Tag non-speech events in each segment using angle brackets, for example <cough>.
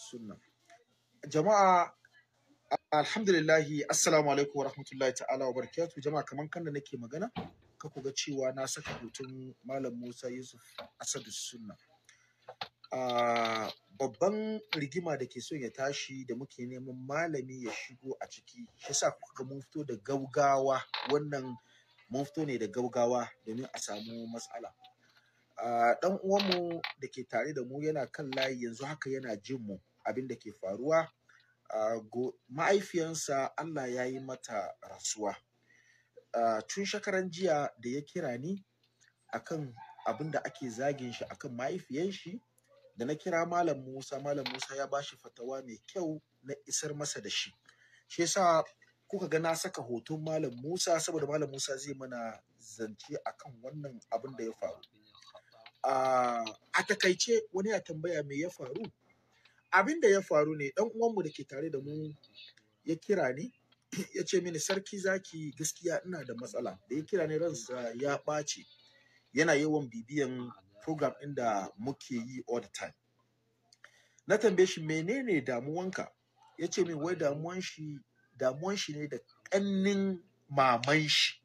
sunna jama'a alhamdulillahi assalamu alaikum wa rahmatullahi ta'ala wa barakatu jama'a kaman kan da nake magana ka ku ga cewa na saka hoton malam Musa Yusuf Asadu sunna babban rigima da ke son ya tashi da muke neman malami ya shigo a ciki shi sa kuka ga mun fito da gaugawa wannan mun fito ne da gaugawa domin a samu matsala dan uwanmu da ke tare da mu yana kan layi yanzu haka yana jin mu abin da ke faruwa ma'aifiyansa Allah ya yi mata rasuwa tun shekaran jiya da ya kira ni akan abin da ake zagin shi akan mahaifiyan shi da na kira malam Musa malam Musa ya ba shi fatawa mai kyau na isar masa da shi shi yasa kuka ga na saka hoton malam Musa saboda malam Musa zai mana zance akan wannan abin da ya faru a takaice wani ya tambaya me ya faru abin da ya faru ne ɗan uwanmu da ke tare da mu ya kira ni <clears throat> ya ce mini sarki zaki gaskiya ina da matsala da ya kira ni ransa ya ɓace. yana yawan bibiyan program inda da muke yi all the time na tambaye shi menene damuwanka ya ce min wai damuwan shi damuwan shi ne da ƙannin maman shi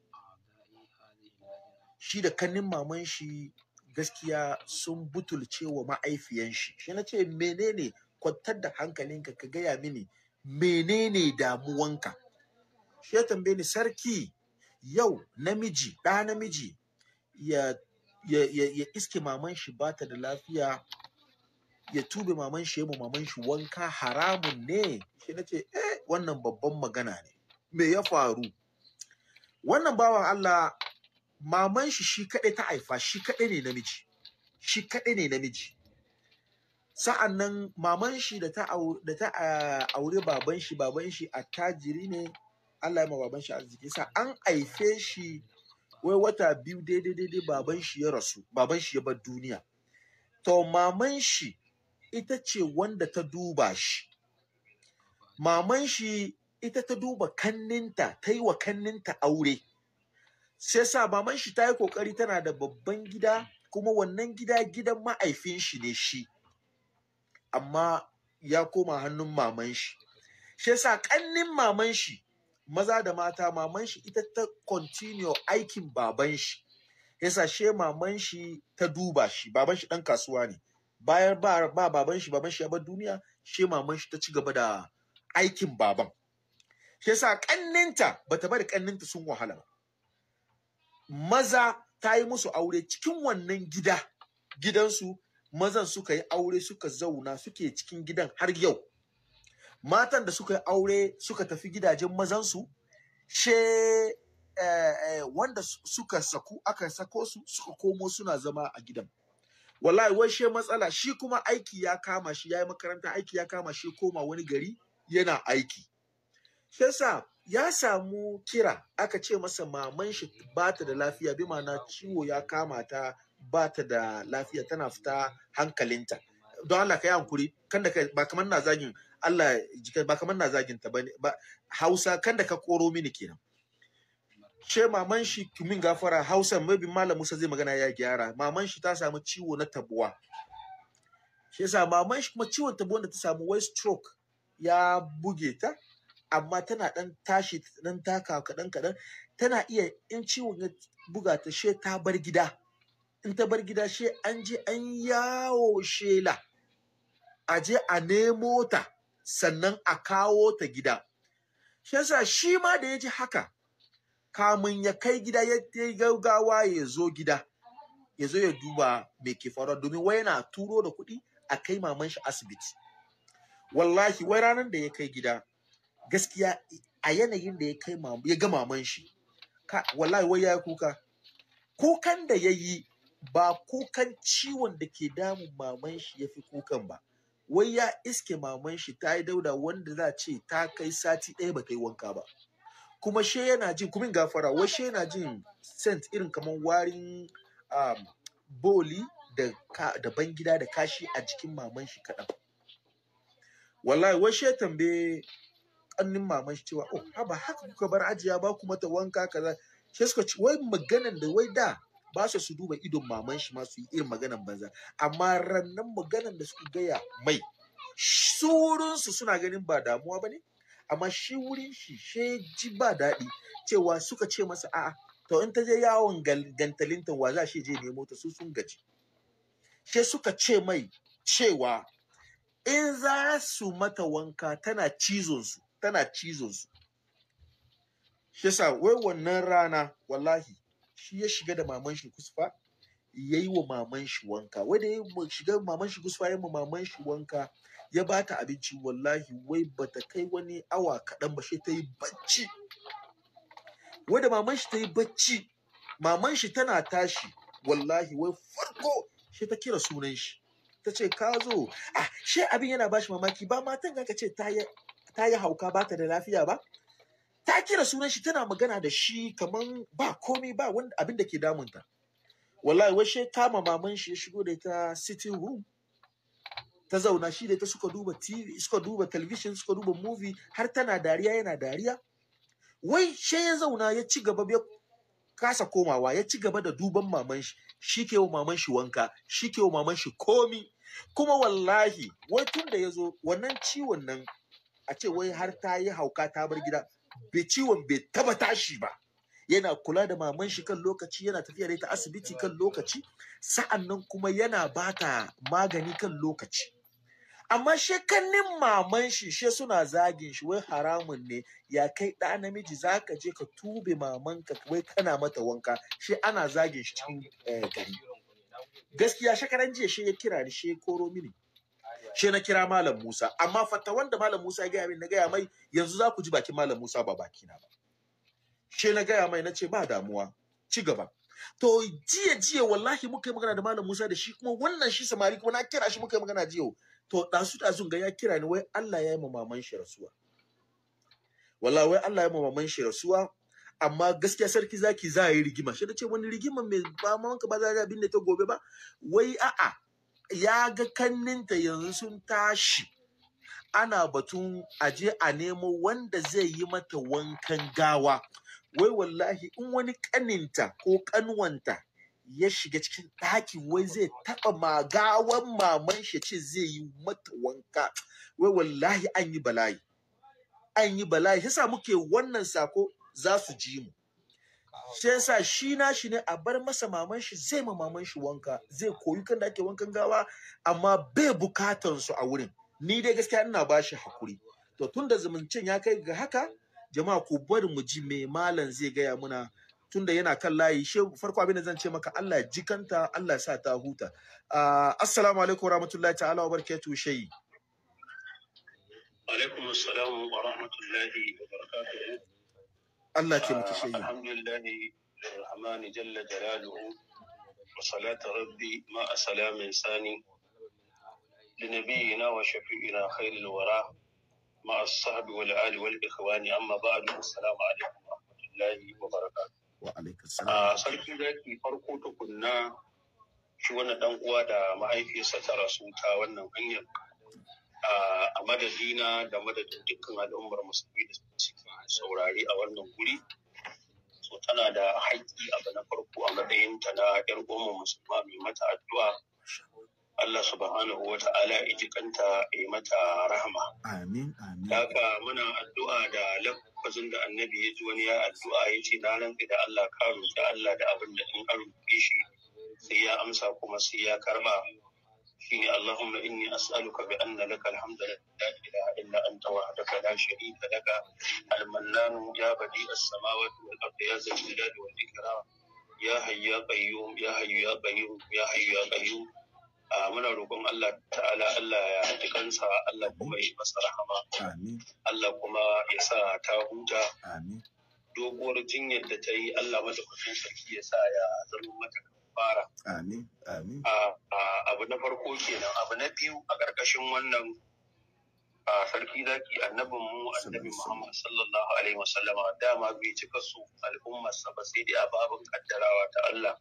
shi da kannin maman shi gaskiya sun butulce wa ma'aifiyan shi shi na ce menene kwantar da hankalinka ka gaya mini menene damuwanka shi ya tambaye ni sarki yau namiji ɗa namiji ya iske maman shi ba ta da lafiya ya tube maman shi ya maman shi wanka haramun ne shi na ce eh wannan babban magana ne me ya faru wannan bawan Allah maman shi shi kaɗai ta haifa shi kaɗai ne namiji shi kaɗai ne namiji sa'an nan maman shi da ta aure baban shi baban shi attajiri ne Allah ya ma baban shi arziki sa an haife shi wai wata biyu daidai daidai baban shi ya rasu baban shi ya bar duniya to maman shi ita ce wanda ta duba shi maman shi ita ta duba kanninta ta yi wa kanninta aure sai sa maman shi ta yi kokari tana da babban gida kuma wannan gida gidan ma'aifin shi ne shi amma ya koma hannun maman shi shi yasa kannin maman shi maza da mata maman shi ita ta continue aikin baban shi yasa she maman shi ta duba shi baban shi dan kasuwa ne bayan ba, ba baban shi baban shi ya bar duniya she maman shi ta ci gaba da aikin baban shi yasa kanninta bata bari kanninta sun wahala ba maza ta yi musu aure cikin wannan gida gidansu mazan suka yi aure suka zauna suke cikin gidan har yau matan da suka yi aure suka tafi gidajen mazansu she eh, eh, wanda suka saku aka sako su suka komo suna zama a gidan wallahi wai she matsala shi kuma aiki ya kama shi ya yi makaranta aiki ya kama shi koma wani gari yana aiki sa ya samu kira aka ce masa maman shi bata da lafiya bi ma'ana ciwo ya kama ta ba ta da lafiya tana fita hankalinta don Allah ka yi hankuri kan da ba kamar na zagin Allah ba kamar na zagin ta bane ba Hausa kan da ka koro mini kenan ce maman shi kumin gafara Hausa maibin malam Musa zai magana ya gyara maman shi ta samu ciwo na tabuwa shi yasa maman shi kuma ciwon tabuwa da ta samu wai stroke ya buge ta amma tana dan tashi dan taka kadan kadan tana iya in ciwon ya buga ta she ta bar gida in ta bar gida she an je an yawo shela a je a nemo ta sannan a kawo ta gida shi yasa shi ma da ya ji haka kamun ya kai gida ya gaugawa ya zo gida ya zo ya duba mai ke faruwa domin wai yana turo da kuɗi a kai maman shi asibiti wallahi wai ranar da ya kai gida gaskiya a yanayin da ya kai ya ga maman shi wallahi wai ya yi kuka kukan da ya yi ba kukan ciwon da ke damun maman shi ya fi kukan ba wai ya iske maman shi ta yi dauda wanda za ce ta kai sati ɗaya ba kai wanka ba kuma she yana jin kumin gafara wai she yana jin scent irin kamar warin um, boli da, da bangida da kashi a jikin maman shi kaɗan wallahi wai she tambaye kannin maman shi cewa oh haba haka kuka bar ajiya ba kuma ta wanka kaza za? suka ci wai maganan da wai da ba su su duba idon maman shi ma su yi irin maganan banza amma rannan maganan da suka gaya mai su suna ganin ba damuwa ba ne amma shi wurin shi she ji ba daɗi cewa suka ce masa a'a to in ta je yawon gantalinta wa za shi je nemo ta su sun gaji she suka ce mai cewa in za su mata wanka tana cizon su tana cizon su shi sa wai wannan rana wallahi shi ya shiga da maman shi kusfa ya yi wa maman shi wanka wai da ya shiga maman shi kusfa ya ma maman shi wanka ya ba ta abinci wallahi wai bata kai wani awa kaɗan ba sai ta yi bacci wai da maman shi ta yi bacci maman shi tana tashi wallahi wai farko Sai ta kira sunan shi ta ce ka zo ah shi abin yana bashi mamaki ba matan ka ce ta yi hauka ba ta da lafiya ba ta kira sunan shi tana magana da shi kaman ba komai ba wanda abin da ke damunta wallahi wai washe kama maman shi ya shigo da ita sitting room ta zauna shi da ita suka duba TV suka duba television suka duba movie har tana dariya yana dariya wai she ya zauna ya ci gaba ya kasa komawa ya ci gaba da duban maman shi shi ke wa maman shi wanka shi ke wa maman shi komi kuma wallahi wai tun da ya zo wannan ciwon nan a ce wai har ta yi hauka ta bar gida bai ciwon bai taba tashi ba yana kula da maman shi kan lokaci yana tafiya da ita asibiti kan lokaci sa'annan kuma yana bata magani kan lokaci amma shekannin maman shi she suna zagin shi wai haramun ne ya kai ɗa namiji zaka je ka tube mamanka wai kana mata wanka she ana zagin shi cikin eh, gari gaskiya shekaran jiya she ya kira ni she koro mini she na kira malam Musa amma fatta wanda malam Musa ya gaya min na gaya mai yanzu za ku ji bakin malam Musa ba baki na ba she na gaya mai na ce ba damuwa ci gaba to jiya jiya wallahi muka yi magana da malam Musa da shi kuma wannan shi samari kuma na kira shi muka yi magana jiya to dasu dasun ga ya kira ni wai Allah ya yi ma maman shi rasuwa wallahi wai Allah ya yi ma maman shi rasuwa amma gaskiya sarki zaki za a yi rigima shi da ce wani rigima mai ba mamanka ba za a abin ta gobe ba wai a'a ya ga kanninta yanzu sun tashi ana batun aje a nemo wanda zai yi mata wankan gawa wai wallahi in wani kaninta ko kanuwanta ya shiga cikin ɗakin wai zai taɓa gawan maman shi ce zai yi mata wanka wai wallahi an yi bala'i an yi bala'i yasa muke wannan sako za su ji mu Sai yasa shi na shi ne a bar masa maman shi zai ma maman shi wanka zai koyi kan da ake wankan gawa amma bai bukatan su a wurin ni dai gaskiya ina ba shi hakuri to tun da zumuncin ya kai ga haka jama'a ku bari mu ji me malam zai gaya muna tunda yana kan layi she farko abin da zan ce maka Allah jikanta Allah sa ta huta ah, assalamu alaikum warahmatullahi ta'ala wa barakatuh shayi alaikum assalam wa rahmatullahi wa barakatuh Allah ce muke shayi alhamdulillahi rahman jalla jalaluhu wa salatu rabbi ma salamin sani لنبينا وشفيعنا خير الورى مع sarki zaki farko tukunna shi wannan dan uwa da mahaifiyarsa ta rasu ta wannan hanyar a madadina da madadin dukkan al'ummar musulmi da suka saurari a wannan guri so tana da haƙƙi abu na farko a matsayinta na yar goma musulma mai mata addu'a Allah subhanahu wa ta'ala ijikanta ya mata rahama. Amin, amin. Daga muna addu'a da lafazin da annabi ya ji wani ya addu'a ya ce na rantsi da Allah ka roƙi Allah da abin da in an roƙe shi sai ya amsa kuma sai ya karba. shine Allahumma inni as'aluka bi anna laka alhamdu la ilaha illa anta wahdaka la sharika laka ya badi as-samawati wal ardi ya zal jalali wal ikram ya hayyu ya qayyum ya hayyu ya ya ya ah, muna roƙon Allah ta'ala Allah ya kansa, Allah kuma ya masa rahama Allah kuma ya sa ta huta doguwar jinyar da ta yi Allah madaukakin sarki ya sa ya zama mata fara. Amin, amin. Abu na farko kenan, abu na biyu a ƙarƙashin wannan sarki zaki annabin mu annabi Muhammad sallallahu alaihi wasallama dama bai cika su al'ummarsa ba sai dai a babin kaddarawa ta Allah.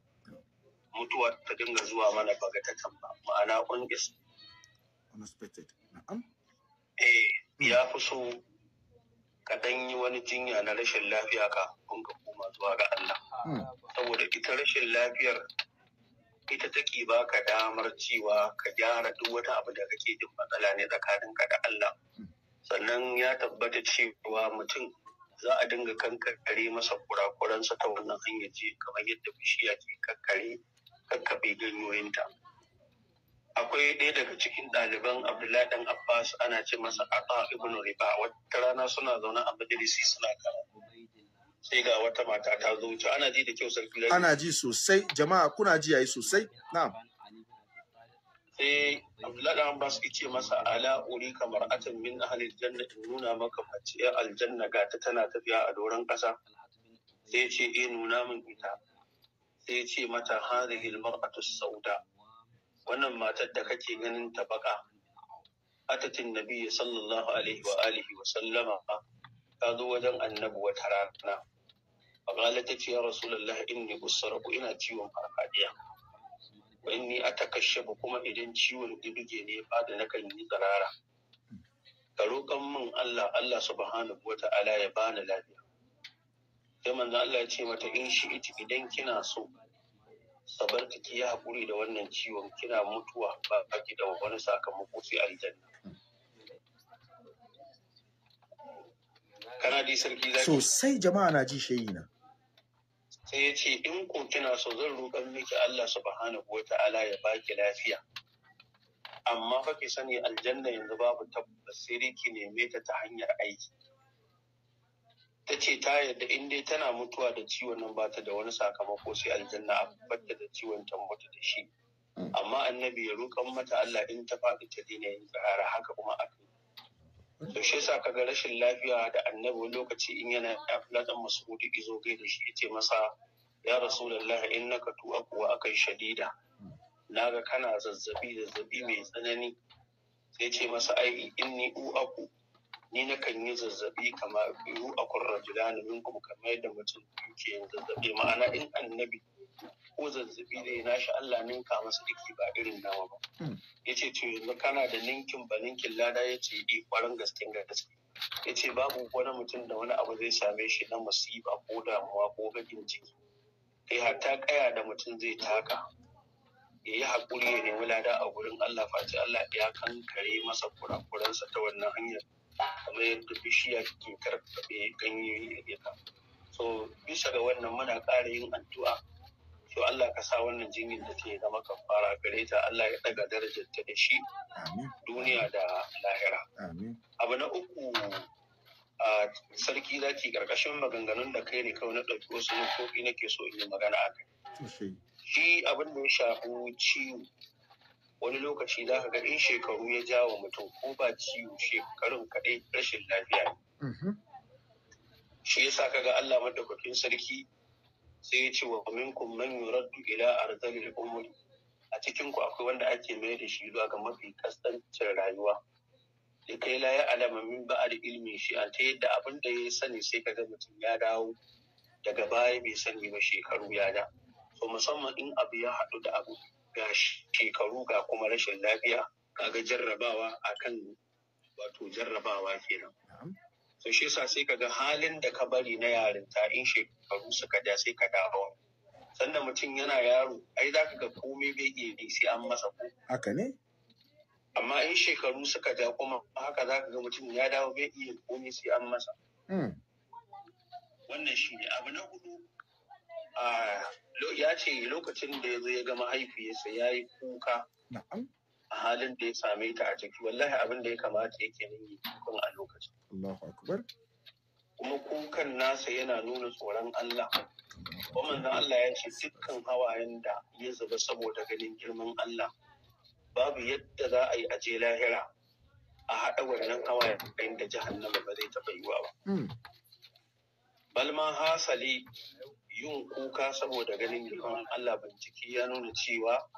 Mutuwa ta dinga zuwa mana ta ba, ma'ana ƙungis. Unexpected, na'am. Eh, ya fi so ka ɗan yi wani jinya na rashin lafiya ka ƙungis. koma zuwa ga Allah hmm. saboda ita rashin lafiyar ita take baka damar cewa ka gyara duk wata abu da kake jin matsala ne ka da Allah hmm. sannan ya tabbata cewa mutum za a dinga kankare masa kurakuransa ta wannan hanyar ce kamar yadda bishiya ke kankare kakkaɓe ganyoyinta akwai ɗaya daga cikin ɗaliban abdullahi ɗan abbas ana ce masa ata ibn riba wata rana suna zaune a majalisi suna karatu sai ga wata mata ta zo wuce ana ji da kyau sarki ana ji sosai jama'a kuna ji yayi sosai na'am sai Abdullahi Abbas ya ce masa ala uri kamar atin min ahalil janna in nuna maka mace ya aljanna ga ta tana tafiya a doron ƙasa sai ya ce eh nuna min ita sai ya ce mata hadhihi almar'atu sauda wannan matar da kake ganin ta baka atatin nabiyyi sallallahu alaihi wa alihi wa sallama ta zo wajen annabi wata rana faƙala ta ce ya rasulullah inni usaraku ina ciwon farfadiya wa inni atakashshabu kuma idan ciwon ibige ne ba nakan yi tsirara ka roƙan min Allah Allah subhanahu wata'ala ya bani lafiya sai manzo Allah ce mata in shi iti idan kina so sabar ki ya haƙuri da wannan ciwon kina mutuwa ba ki da wani sakamako sai aljanna sosai jama'a na ji shayi na sai ya ce in ko kina so zan roƙar miki Allah subhanahu wa ta'ala ya baki lafiya amma fa ki sani aljanna yanzu babu tabbas sai ki neme ta ta hanyar aiki ta ce ta yarda in dai tana mutuwa da ciwon nan ba ta da wani sakamako sai aljanna a batta da ciwon ta mutu da shi mm. amma annabi ya roƙan mata Allah in ta faɗi ta dina yin tsara haka kuma aka to shi yasa kaga rashin lafiya da annabi wani lokaci in yana abladan masudi izo gai da shi yace masa ya rasulullah innaka tu'aku wa akai shadida naga kana zazzabi zazzabi mai tsanani sai ce masa ai inni u'aku ni na kan yi zazzabi kama u'akun rajulani minkum kamar yadda mutum ke yin zazzabi ma'ana in annabi ko zazzabi ne nashi Allah ninka masa diki ba irin nawa ba hmm. yace to yanzu kana da ninkin ba ninkin lada yace eh kwarin gaskin gaske yace babu wani mutum da wani abu zai same shi na musiba ko damuwa ko gajin ciki kai hatta kaya da mutum zai taka ya yi haƙuri ya nemi lada a gurin Allah face Allah ya kankare masa kurakuransa ta wannan hanyar kamar yadda bishiya ke karɓe ganye ya so bisa ga wannan muna ƙara yin addu'a to Allah ka sa wannan jinyar da ta zama kafara gare ta Allah ya daga darajar ta da shi duniya da lahira abu na uku a sarki ki karkashin maganganun da kai ne kawai na ɗauki wasu na nake so in yi magana a kai shi abin da ya shafi ciwo wani lokaci za ka ga in shekaru ya ja wa mutum ko ba ciwo shekarun kaɗai rashin lafiya mhm. shi yasa ga Allah madaukakin sarki sai ya ce wa minkum man yuraddu ila arzalil umri a cikin ku akwai wanda ake mai da shi zuwa ga mafi kasancin rayuwa da kai la ya alama min da ilmi shi a ta yadda abin da ya sani sai ka ga mutum ya dawo daga baya bai sani ba shekaru ya da so musamman in abu ya haɗu da abu ga shekaru ga kuma rashin lafiya kaga jarrabawa akan wato jarrabawa kenan to shi yasa sai ga halin da ka bari na yarinta in shekaru suka ja sai ka dawo Sannan mutum yana yaro ai za ka ga komai bai iya yi sai an masa ko haka ne amma in shekaru suka ja kuma haka za ka ga mutum ya dawo bai iya komai sai an masa hmm. wannan shi ne abu na hudu ya ce lokacin da ya zo ya gama mahaifiyarsa ya yi kuka a halin da ya same ta a ciki wallahi abin da ya kamata yake nan yi kukan a lokacin Allahu akbar kuma kukan nasa yana nuna tsoron Allah kuma manzon Allah ya ce dukkan hawayen da ya zuba saboda ganin girman Allah babu yadda za a yi aje lahira a haɗa wannan hawayen da jahannama ba zai taɓa yiwa ba hmm. balma hasali yin kuka saboda ganin girman Allah bincike ya nuna cewa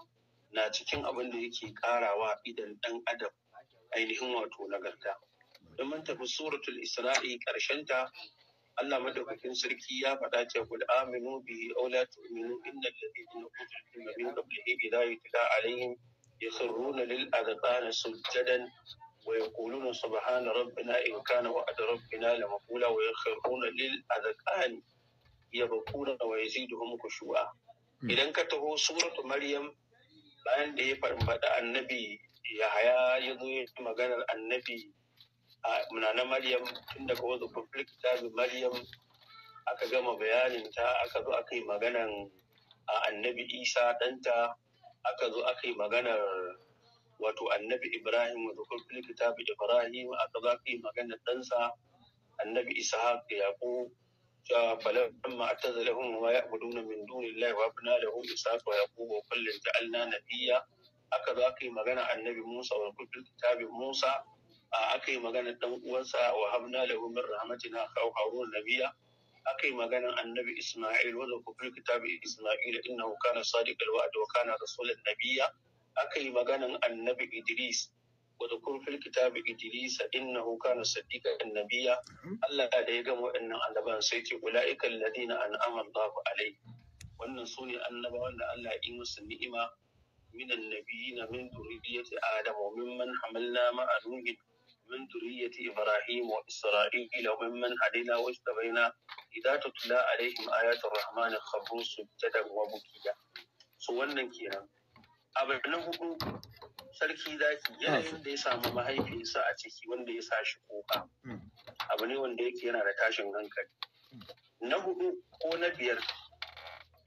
na cikin abin da yake ƙarawa idan ɗan adam ainihin wato nagarta. in mun tafi suratul isra'i karshen ta Allah madaukakin sarki ya faɗa ce kul aminu bi aw la tu'minu innal ladina utul ilma min qablihi idza yutla alaihim yakhruna lil adqani sujadan wa yaquluna subhana rabbina in kana wa'd rabbina la maqula wa yakhruna lil adqani yabquna wa yaziduhum khushu'a hmm. idan ka taho suratu maryam bayan da ya faɗa annabi yahaya ya zo ya maganar annabi nana maryam tun daga wasu conflict ta maryam aka gama bayanin ta aka zo aka yi maganan annabi isa ɗanta aka zo aka yi maganar wato annabi ibrahim wato conflict ta ibrahim aka zo aka yi maganar ɗansa annabi isa yaƙo فلما اعتزلهم وما يعبدون من دون الله وابنى له اسحاق ويعقوب وكل جعلنا نبيا هكذا قيل مغنى النبي موسى وكل كتاب Musa. aka yi maganar dan uwansa wa habna lahu min rahmatina kaw harun nabiya aka yi maganar annabi isma'il wanda ku fil kitabi isma'il innahu kana sadiqal wa'd wa kana rasulan nabiya aka yi maganar annabi idris wanda kun fil kitabi idris innahu kana sadiqan nabiya Allah da ya gama waɗannan annaban sai ce ulaiikal ladina an'ama Allahu alai. wannan su ne annabawan da Allah ya yi musu ni'ima minan nabiyina min duriyati adama mimman hamalna ma'a nuhin من ذرية إبراهيم وإسرائيل وممن هدينا واجتبينا إذا تتلى عليهم آيات الرحمن خروا سجدا وبكيا سوالنا كيرا abu na hudu sarki zaki yanayin da ya samu mahaifinsa a ciki wanda ya sa shi kuka hmm. abu ne wanda yake yana da tashin hankali hmm. na hudu ko na biyar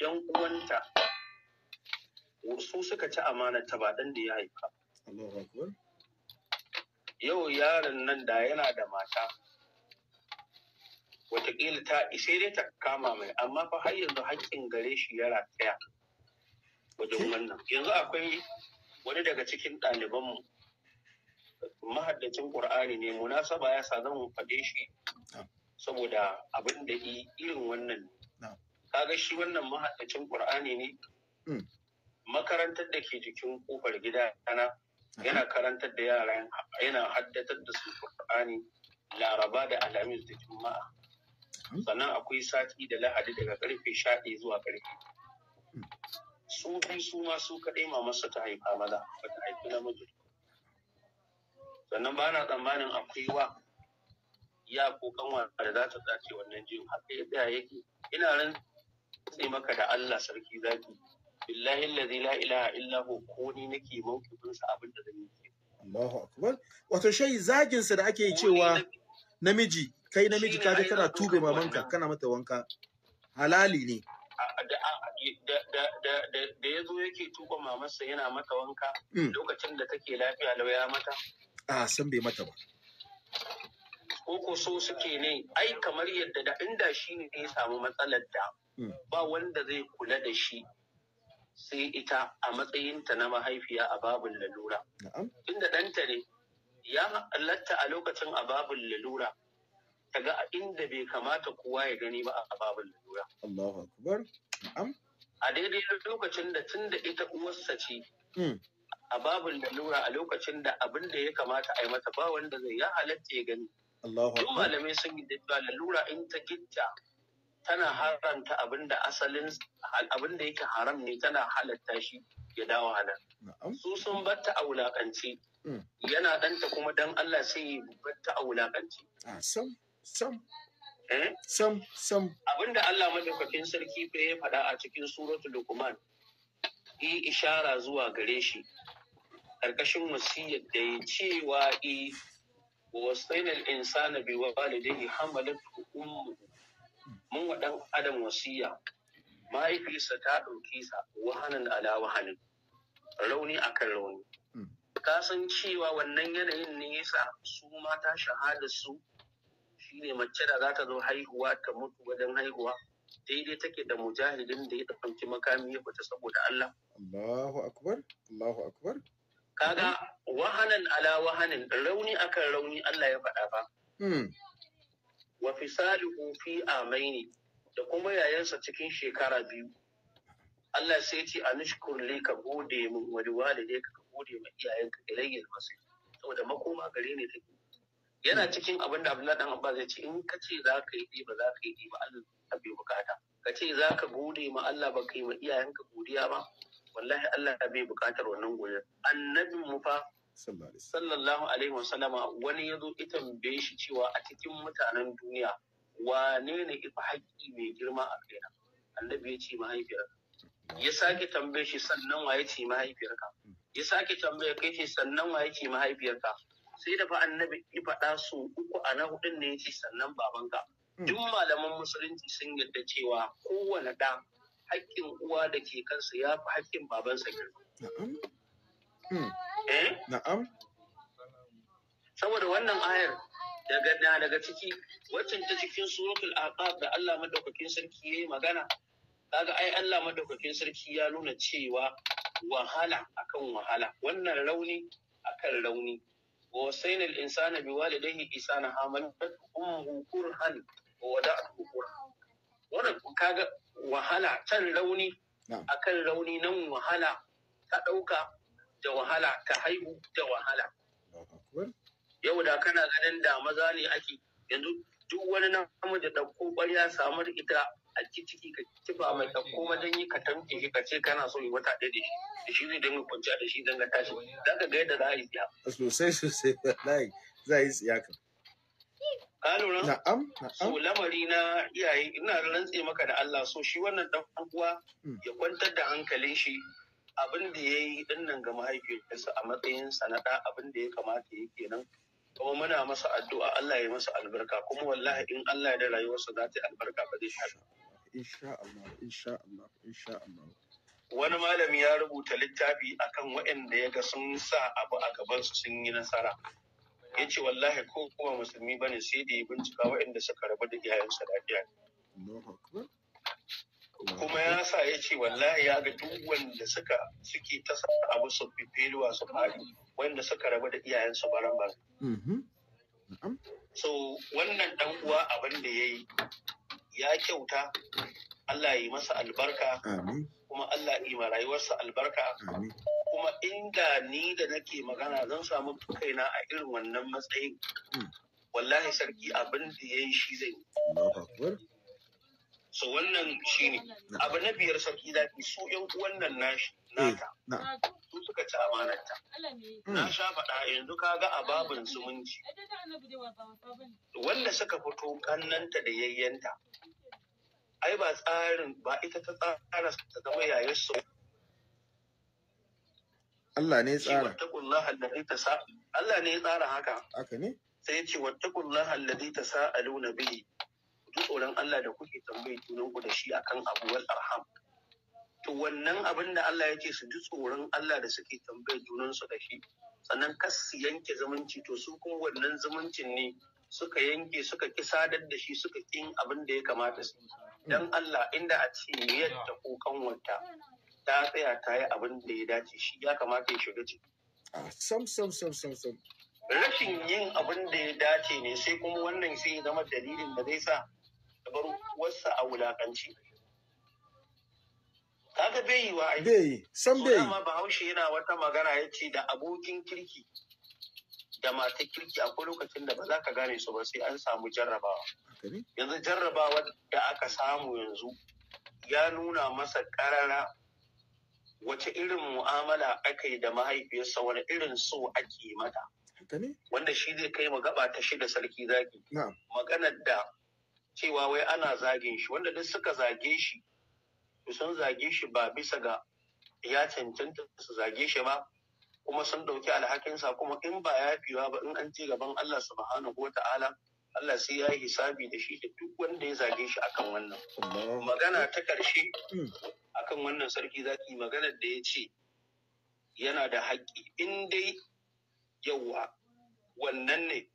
yan uwanta su suka ci amana ta ba da ya haifa yau yaron nan da yana da mata Wataƙila ta isai dai ta kama mai amma fa har yanzu haƙƙin gare shi ya rataya wajen wannan yanzu akwai wani daga cikin ɗalibanmu mahaddacin ƙur'ani ne munasaba ya sa zan faɗe shi saboda abin da irin wannan kaga shi wannan mahaddacin ƙur'ani ne mm. makarantar da ke jikin ƙofar gida na yana karantar da yaran yana haddatar da su Qur'ani Laraba da Alhamis da Juma'a sannan akwai sati da Lahadi daga karfe 11 zuwa karfe su biyu su ma su kaɗai mamarsa ta haifa maza ba ta haifi namiji sannan ba na tsammanin akwai wa ya ko kanwa da za ta dace wannan jiyo haka ya tsaya yake ina ran maka da Allah sarki zaki billahi allazi la ilaha illa hu ko ni nake mawkifin sa abin da zan yi Allahu akbar wato shayi zagin sa da ake cewa namiji kai namiji ka je kana tube mamanka kana mata wanka halali ne da ya zo yake tuba mamarsa yana mata wanka mm. lokacin da take lafiya lau ya mata? A san bai mata ba. Ko so suke ne, ai kamar yadda da inda shi ne ya samu matsalar da mm. ba wanda zai kula da shi sai ita a matsayinta na mahaifiya a babin lalura. Inda ɗanta ne ya halatta a lokacin a babin lalura ta ga inda bai kamata kowa ya gani ba a babin lalura. A daidai lokacin da tun da ita uwarsa ce hmm. a babin lalura a lokacin da abin da ya kamata a yi mata ba wanda zai ya halatta ya gani. Allahu malamai sun yi da lalura in ta gidda. tana haranta abin da asalin abin da yake haram ne tana halatta shi ya dawo halal su sun batta a wulakanci, hmm. yana ɗanta kuma dan Allah sai ya batta a wulakanci. Ah, sam sam eh? sam sam abin da Allah madaukakin sarki fa ya faɗa a cikin suratul luqman yi ishara zuwa gare shi karkashin wasiyyar da ya cewa i eh, wasainal insana bi walidayhi hamalat ummuhu mun wa ɗan adam wasiya mahaifiyarsa ta ɗauki sa wahanan ala wahanin rauni akan rauni hmm. ka san cewa wannan yanayin ne yasa su mata shahada su shine mace da za ta zo haihuwa ta mutu wajen haihuwa daidai take da mujahidin da ya ɗauki makami ya fita saboda Allah. Allahu akbar, Allahu akbar. Kaga wahanan ala wahanin rauni akan rauni Allah ya faɗa ba. Hmm. wa fisaluhu fi amaini da kuma yayansa cikin shekara biyu Allah sai ce a nishkur le ka gode mu wa liwalide ka gode ma iyayenka ilayyal masir saboda makoma gare ne take yana cikin abin da Abdullahi dan Abbas ya ce in ka ce za ka yi ba za ka yi ba Allah ka bai bukata ka ce za ka gode ma Allah ba ka yi ma iyayenka godiya ba wallahi Allah bai bukatar wannan godiyar annabi mu fa sallallahu alaihi wasallama wani ya zo ita tambaye shi cewa a cikin mutanen duniya wane ne ifa haƙƙi mai girma a kaina annabi ya ce mahaifiyarka ya sake tambaye shi sannan wa ya ce mahaifiyarka ya sake tambaye kai ce sannan wa ya ce mahaifiyarka sai da fa annabi ya faɗa su uku a na hudun ne ya ce sannan babanka hmm. duk malaman musulunci sun yarda cewa kowane ɗa haƙƙin uwa da ke kansa ya fi haƙƙin babansa girma Hmm. Eh? Na'am. Saboda wannan ayar daga na daga ciki waccan ta cikin suratul aqab da Allah madaukakin sarki yayi magana kaga ai Allah madaukakin sarki ya nuna cewa wahala akan wahala wannan rauni akan rauni wa sayna al-insana biwalidayhi isana hamantat ummuhu qurhan wa wada'tuhu qurhan wannan kaga wahala can rauni akan rauni nan wahala ta dauka da wahala ta haihu da wahala yau da kana ganin da maza ne ake yanzu duk wani namiji da ɗauko ƙwarya ya samar ita a ciki ka kifa mai ɗauko madanyi ka tanke shi ka ce kana so yi wata ɗaya da shi da shi zai dinga kwanciya da shi dinga tashi za ka ga yadda za a yi tsiya. sosai sosai wallahi za a yi tsiya ka. ka lura? na'am na'am. so lamari na iyaye ina rantse maka da Allah so shi wannan ɗan uwa hmm. ya kwantar da hankalin shi abin da ya yi dinnan ga mahaifiyarsa a matsayin sanada abin da ya kamata ya kenan kuma muna masa addu'a Allah ya masa albarka kuma wallahi in Allah ya da rayuwarsa za ta albarka ba zai shafi insha Allah insha Allah insha Allah wani malami ya rubuta littafi akan waɗanda ya ga sun sa abu a gabansu sun yi nasara ya ce wallahi ko kuma musulmi bane sai da ya bincika waɗanda suka rabu da iyayensa lafiya kuma ya sa ya ce wallahi ya ga duk wanda suka suke ta abu su fifiluwa su fari wanda suka rabu da iyayensu baran baran mm-hmm. so wannan dan uwa abin da ya yi ya kyauta Allah yi masa albarka kuma Allah ya yi ma rayuwarsa albarka kuma inda ni da nake magana zan samu kaina a irin wannan matsayin mm. wallahi sarki abin da ya yi shi zai so wannan shi ne. abu na biyar sarki zaki su yan wannan nashi eh, naka su suka ci amanarta na sha faɗa yanzu ka ga a babin zumunci wanda suka fito kannanta da yayyanta ai ba tsarin ba ita ta tsara ta zama yayar su Allah ne tsara Allah ne ya tsara haka haka ne sai ya ce wattaqullaha alladhi tasaaluna bihi tsoron Allah da kuke tambaye junanku da shi akan abu wal arham to wannan abin da Allah ya ce su ji tsoron Allah da suke tambaye junansu da shi sannan kas su yanke zumunci to su kuma wannan zumuncin ne suka yanke suka ki sadar da shi suka kin abin da ya kamata su dan Allah inda a ce yadda ko kanwanta ta tsaya ta yi abin da ya dace shi ya kamata ya shiga ciki sam sam sam sam sam rashin yin abin da ya dace ne sai kuma wannan sai ya zama dalilin da zai sa bar wasu a wulakanci kaga bai yi wa aiki. bai yi san bai yi ma bahaushe yana wata magana yace da abokin kirki da mata kirki akwai lokacin da ba za ka gane su ba sai an samu jarrabawa yanzu jarrabawa da aka samu yanzu ya nuna masa karara wace irin mu'amala aka yi da mahaifiyarsa wani irin so ake mata wanda shi zai kai magaba ta shida sarki zaki maganar da cewa wai ana zagin shi wanda duk suka zage shi to sun zage shi ba bisa ga ya cancanta su zage shi ba kuma sun ɗauki alhakinsa kuma in ba ya fiwa ba in an ce gaban Allah subhanahu wa ta'ala Allah sai ya yi hisabi da shi da duk wanda ya zage shi akan wannan magana ta ƙarshe hmm. akan wannan sarki zaki maganar da ya ce yana da haƙƙi in dai yawa wannan ne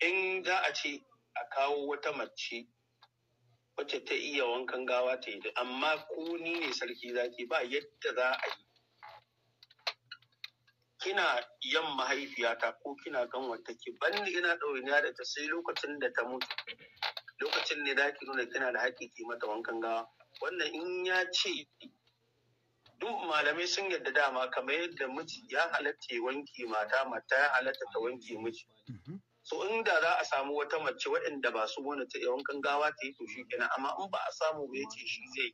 in za a ce a kawo wata mace wacce ta iya wankan gawa ta yi amma ko ni ne sarki zaki ba yadda za a yi kina yan mahaifiyata ko kina wata ke ban ina ɗauniya da ta sai lokacin da ta mutu lokacin ne za ki nuna kina da haƙƙi ki mata wankan gawa wannan in ya ce duk malamai sun yarda dama kamar yadda miji ya halatta ya wanke mata mata ya halatta ta wanke miji mhm. so inda za a samu wata mace waɗanda ba su wani ta yawan gawa ta yi to shi kenan amma in ba a samu ba yace shi zai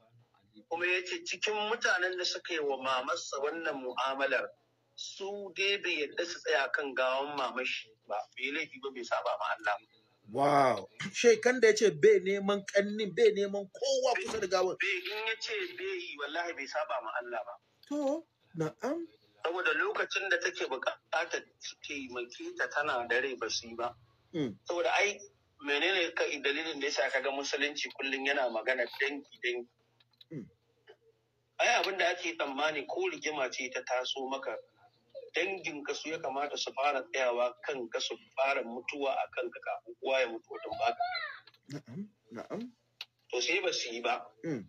kuma yace cikin mutanen da suka yi wa mamarsa wannan mu'amalar su dai bai yadda su tsaya kan gawan mamashi ba bai laifi ba bai saba ma Allah Wow, <clears throat> kan da ya ce bai neman kannin bai neman kowa kusa da gawan. Bai in ya ce bai yi wallahi bai saba ma Allah ba. To, na'am. saboda lokacin da take buƙatar taimake ta tana da rai ba su yi ba mm. saboda ai menene ka dalilin da yasa ka ga musulunci kullum yana magana dangi dangi mm. ai abin da ake tsammani ko rigima ce ta taso maka dangin ka su ya kamata su fara tsayawa kan ka su fara mutuwa a kan ka kafin kowa ya mutu wajen baka to sai ba su yi ba mm.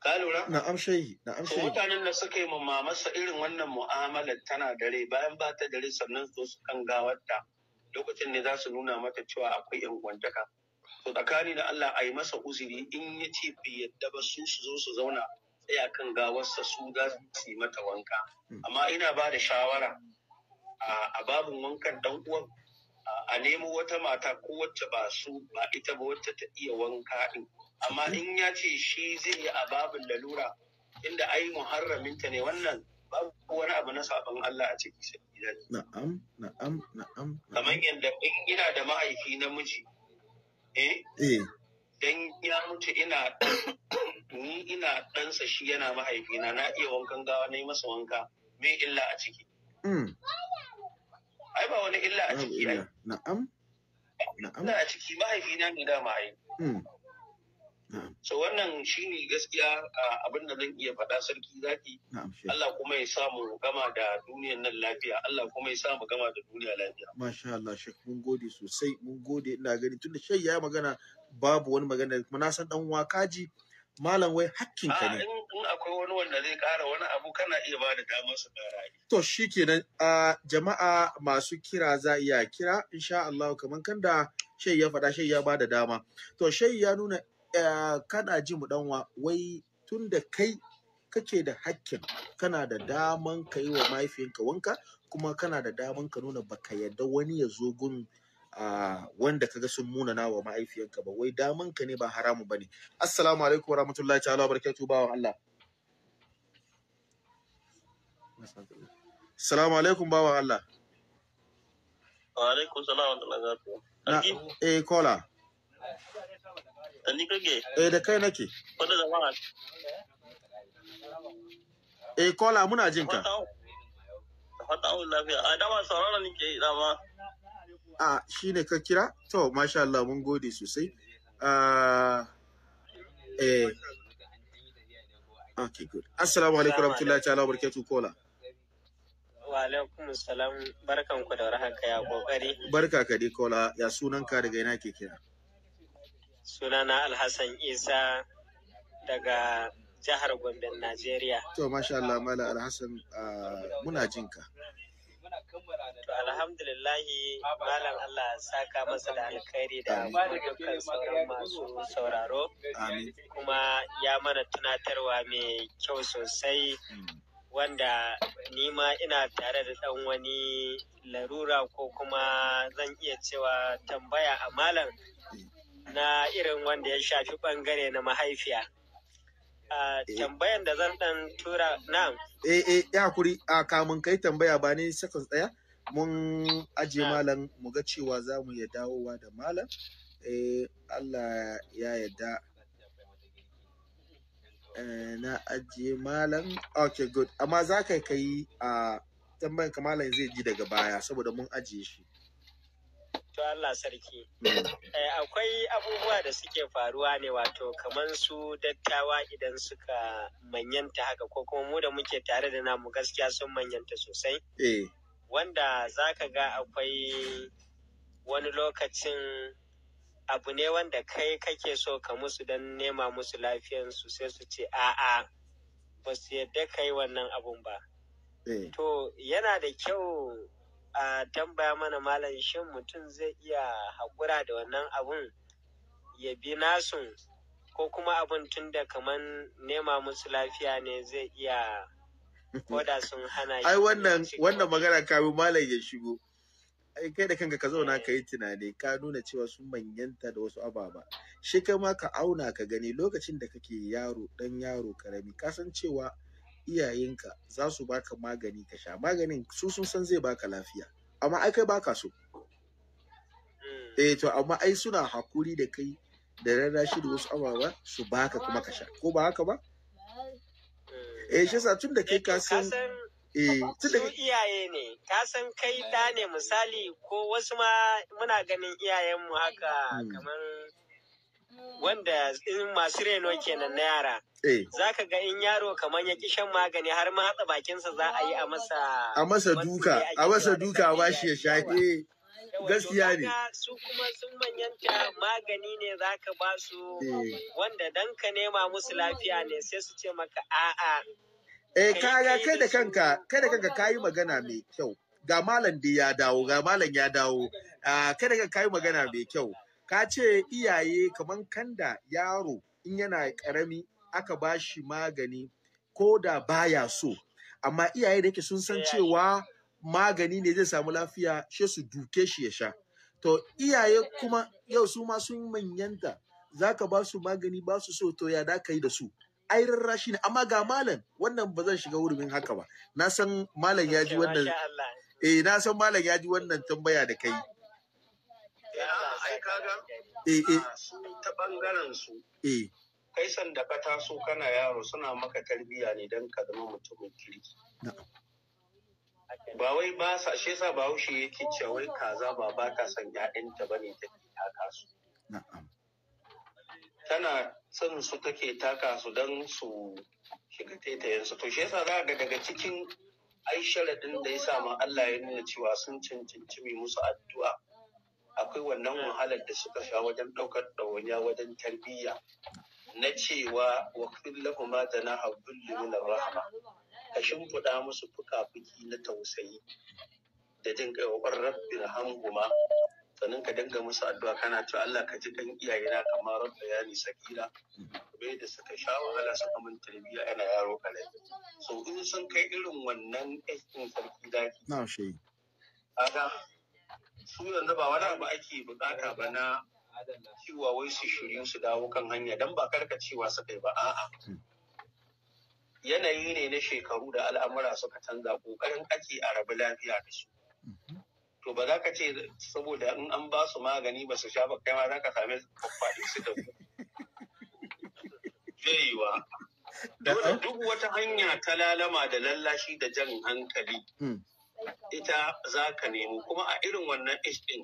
Ka lura? Na'am shayi, na'am shayi. Mutanen da suka yi ma irin wannan mu'amalar tana dare bayan ba ta dare sannan su su kan gawarta lokacin ne za su nuna mata cewa akwai yan gwantaka. To tsakani da Allah a yi masa uzuri in ya ce bai yadda ba su su zo su zauna tsaya kan gawarsa su za su yi mata wanka. Hmm. Amma ina ba da shawara a babin wankan dan uwan a nemo wata mata ko wacce ba su ba ita ba wacce ta iya wanka din. amma in ya ce shi zai yi a babin lalura inda ai muharraminta ne wannan babu wani abu na sabon Allah a ciki sai na'am na'am na'am kamar yadda in ina da mahaifi namiji eh eh dan ya mutu ina ni ina ɗansa shi yana mahaifi na na iya wankan gawa na yi masa wanka me illa a ciki mm. ai ba wani illa a ciki na'am na'am illa a ciki na ne da mahaifi mm. so wannan shi ne gaskiya abin da zan iya faɗa sarki zaki Allah kuma ya sa mu gama da duniyar nan lafiya Allah kuma ya sa mu gama da duniya lafiya masha Allah shek mun gode sosai mun gode ina gani tunda shai ya magana babu wani magana kuma na san dan wakaji malam wai hakkin ka ne in akwai wani wanda zai kara wani abu kana iya ba da damar su ƙara to shikenan jama'a masu kira za iya kira insha Allah kaman kan da shai ya faɗa shai ya ba da dama to shai ya nuna Eh, kana ji mu ɗanwa wai tun da kai kake da hakkin kana da daman ka yi wa mahaifiyanka wanka kuma kana da daman ka nuna baka yadda wani ya zo gun wanda kaga sun munana wa mahaifiyanka ba wai daman ka ne ba haramu bane assalamu alaikum warahmatullahi ta'ala barakatuhu wa Allah assalamu alaikum wa Allah wa alaikum salam wa rahmatullahi eh kola Da ni kake? Eh da kai nake. Wanda Eh kola muna jin ka. Fata'un lafiya. A dama dama. A shi ne ka kira? To masha Allah mun gode sosai. Eh. Okay, good. Assalamu alaikum warahmatullahi ta'ala wabarakatuh kola. Wa alaikum salam barkanku da warhaka ya kokari. Barka ka dai kola ya sunan ka daga ina ke kira? sunana alhassan isa daga jihar gombe najeriya to masha Allah mala alhassan ah, muna jinka to alhamdulillahi malam Allah saka masa da alkhairi da dukkan sauran masu sauraro kuma ya mana tunatarwa mai kyau sosai hmm. wanda ni ma ina tare da ɗan wani larura ko kuma zan iya cewa tambaya a malam na irin wanda ya shafi bangare na mahaifiya. Eh. Tambayan da zan dan tura na. Eh eh ya kuri a kamun kai tambaya ba ne sakas tsaya mun ajiye malam mu ga cewa za mu ya dawowa da malam. Eh Allah ya yadda. Eh, na ajiye malam okay good amma za ka kai a tambayan ka malam zai ji daga baya saboda mun ajiye shi to Allah sarki. <coughs> Eh, akwai abubuwa da suke faruwa ne wato kamar su dattawa idan suka manyanta haka ko kuma mu da muke tare da namu gaskiya sun manyanta sosai. Eh. Wanda za ka ga akwai wani lokacin abu ne wanda kai kake so ka musu don nema musu lafiyansu sai su ce a'a ba su yadda ka yi wannan abun ba. Eh. To yana da kyau a tambaya mana malam shin mutum zai iya haƙura da wannan abun ya bi nasu ko kuma abun tun da kaman nema musu lafiya ne zai iya koda sun hana <laughs> shi. Ai wannan wannan magana kafin malam ya shigo. Ai kai da kanka ka zauna ka yi tunani ka nuna cewa sun manyanta da wasu ababa. Shi kai ma ka auna ka gani lokacin da kake yaro dan yaro karami ka san cewa iyayenka za su baka magani ka sha maganin su sun san zai baka lafiya amma ai kai baka so hmm. eh to amma ai suna hakuri da kai da rana shi da wasu ababa su baka kuma ka sha ko ba haka ba hmm. eh shi sa tun da kai eh ka san eh tun da iyaye ne ka san kai da ne misali ko wasu ma muna ganin iyayen mu haka hmm. kamar wanda in masu reno kenan na yara. Eh. Za ka ga in yaro kamar ya shan magani har ma haɗa bakinsa za a yi a masa. A masa duka, a masa duka ba shi ya sha eh, gaskiya ne. Su kuma sun manyanta magani ne za ka ba su eh. wanda dan ka nema musu lafiya ne sai su ce maka a'a. Eh kaga kai da kanka, kai da kanka kayi magana mai kyau. Ga malam da ya dawo, ga malam ya dawo. Ah, kai da kanka kayi magana mai kyau. ka ce iyaye kaman kanda yaro in yana karami aka ba shi magani ko da baya so amma iyaye da yake sun san cewa magani ne zai samu lafiya shi su duke shi ya sha to iyaye kuma yau su ma sun manyanta za ka ba su magani ba su so to ya da yi da su ai rarrashi ne amma ga malam wannan ba zan shiga wurin haka ba eh na san malam ya ji wannan tambaya da kai kaga eh, eh. su ta bangaren su eh. kai sanda ka taso kana yaro suna maka tarbiyya ne don ka zama mutumin kirki ba wai ba sa shi yasa bahaushe yake cewa wai kaza ba ba ta san ƴaƴanta ne take taka su tana son su take taka su don su shiga taitayen su to shi yasa za ga daga cikin ai sharadin da ya sa ma Allah ya nuna cewa sun cancanci mai musu addu'a akwai wannan wahalar da suka sha wajen ɗaukar ɗawanya wajen tarbiyya na cewa wa kullahu ma na habdulli min rahma ka shimfiɗa musu fuka-fuki na tausayi da jin kai wa rabbin hanguma sannan ka danga musu addu'a kana cewa Allah ka ji kan iyayena kamar rabba ya ni sakira bai da suka sha wahala suka min tarbiyya yana yaro kale so in sun kai irin wannan aikin sarki daki na shi aga su yanzu ba wani abu ake bukata ba na cewa wai su shiryu su dawo kan hanya don ba karkacewa su kai ba a'a yanayi ne na shekaru da al'amura suka canza ƙoƙarin ake a rabu lafiya da su to ba za ka ce saboda in an ba su magani ba su sha ba kai ma za ka same kwakwaɗe su da zai yi wa duk wata hanya ta lalama da lallashi da jan hankali hmm. ita za ka nemo kuma a irin wannan age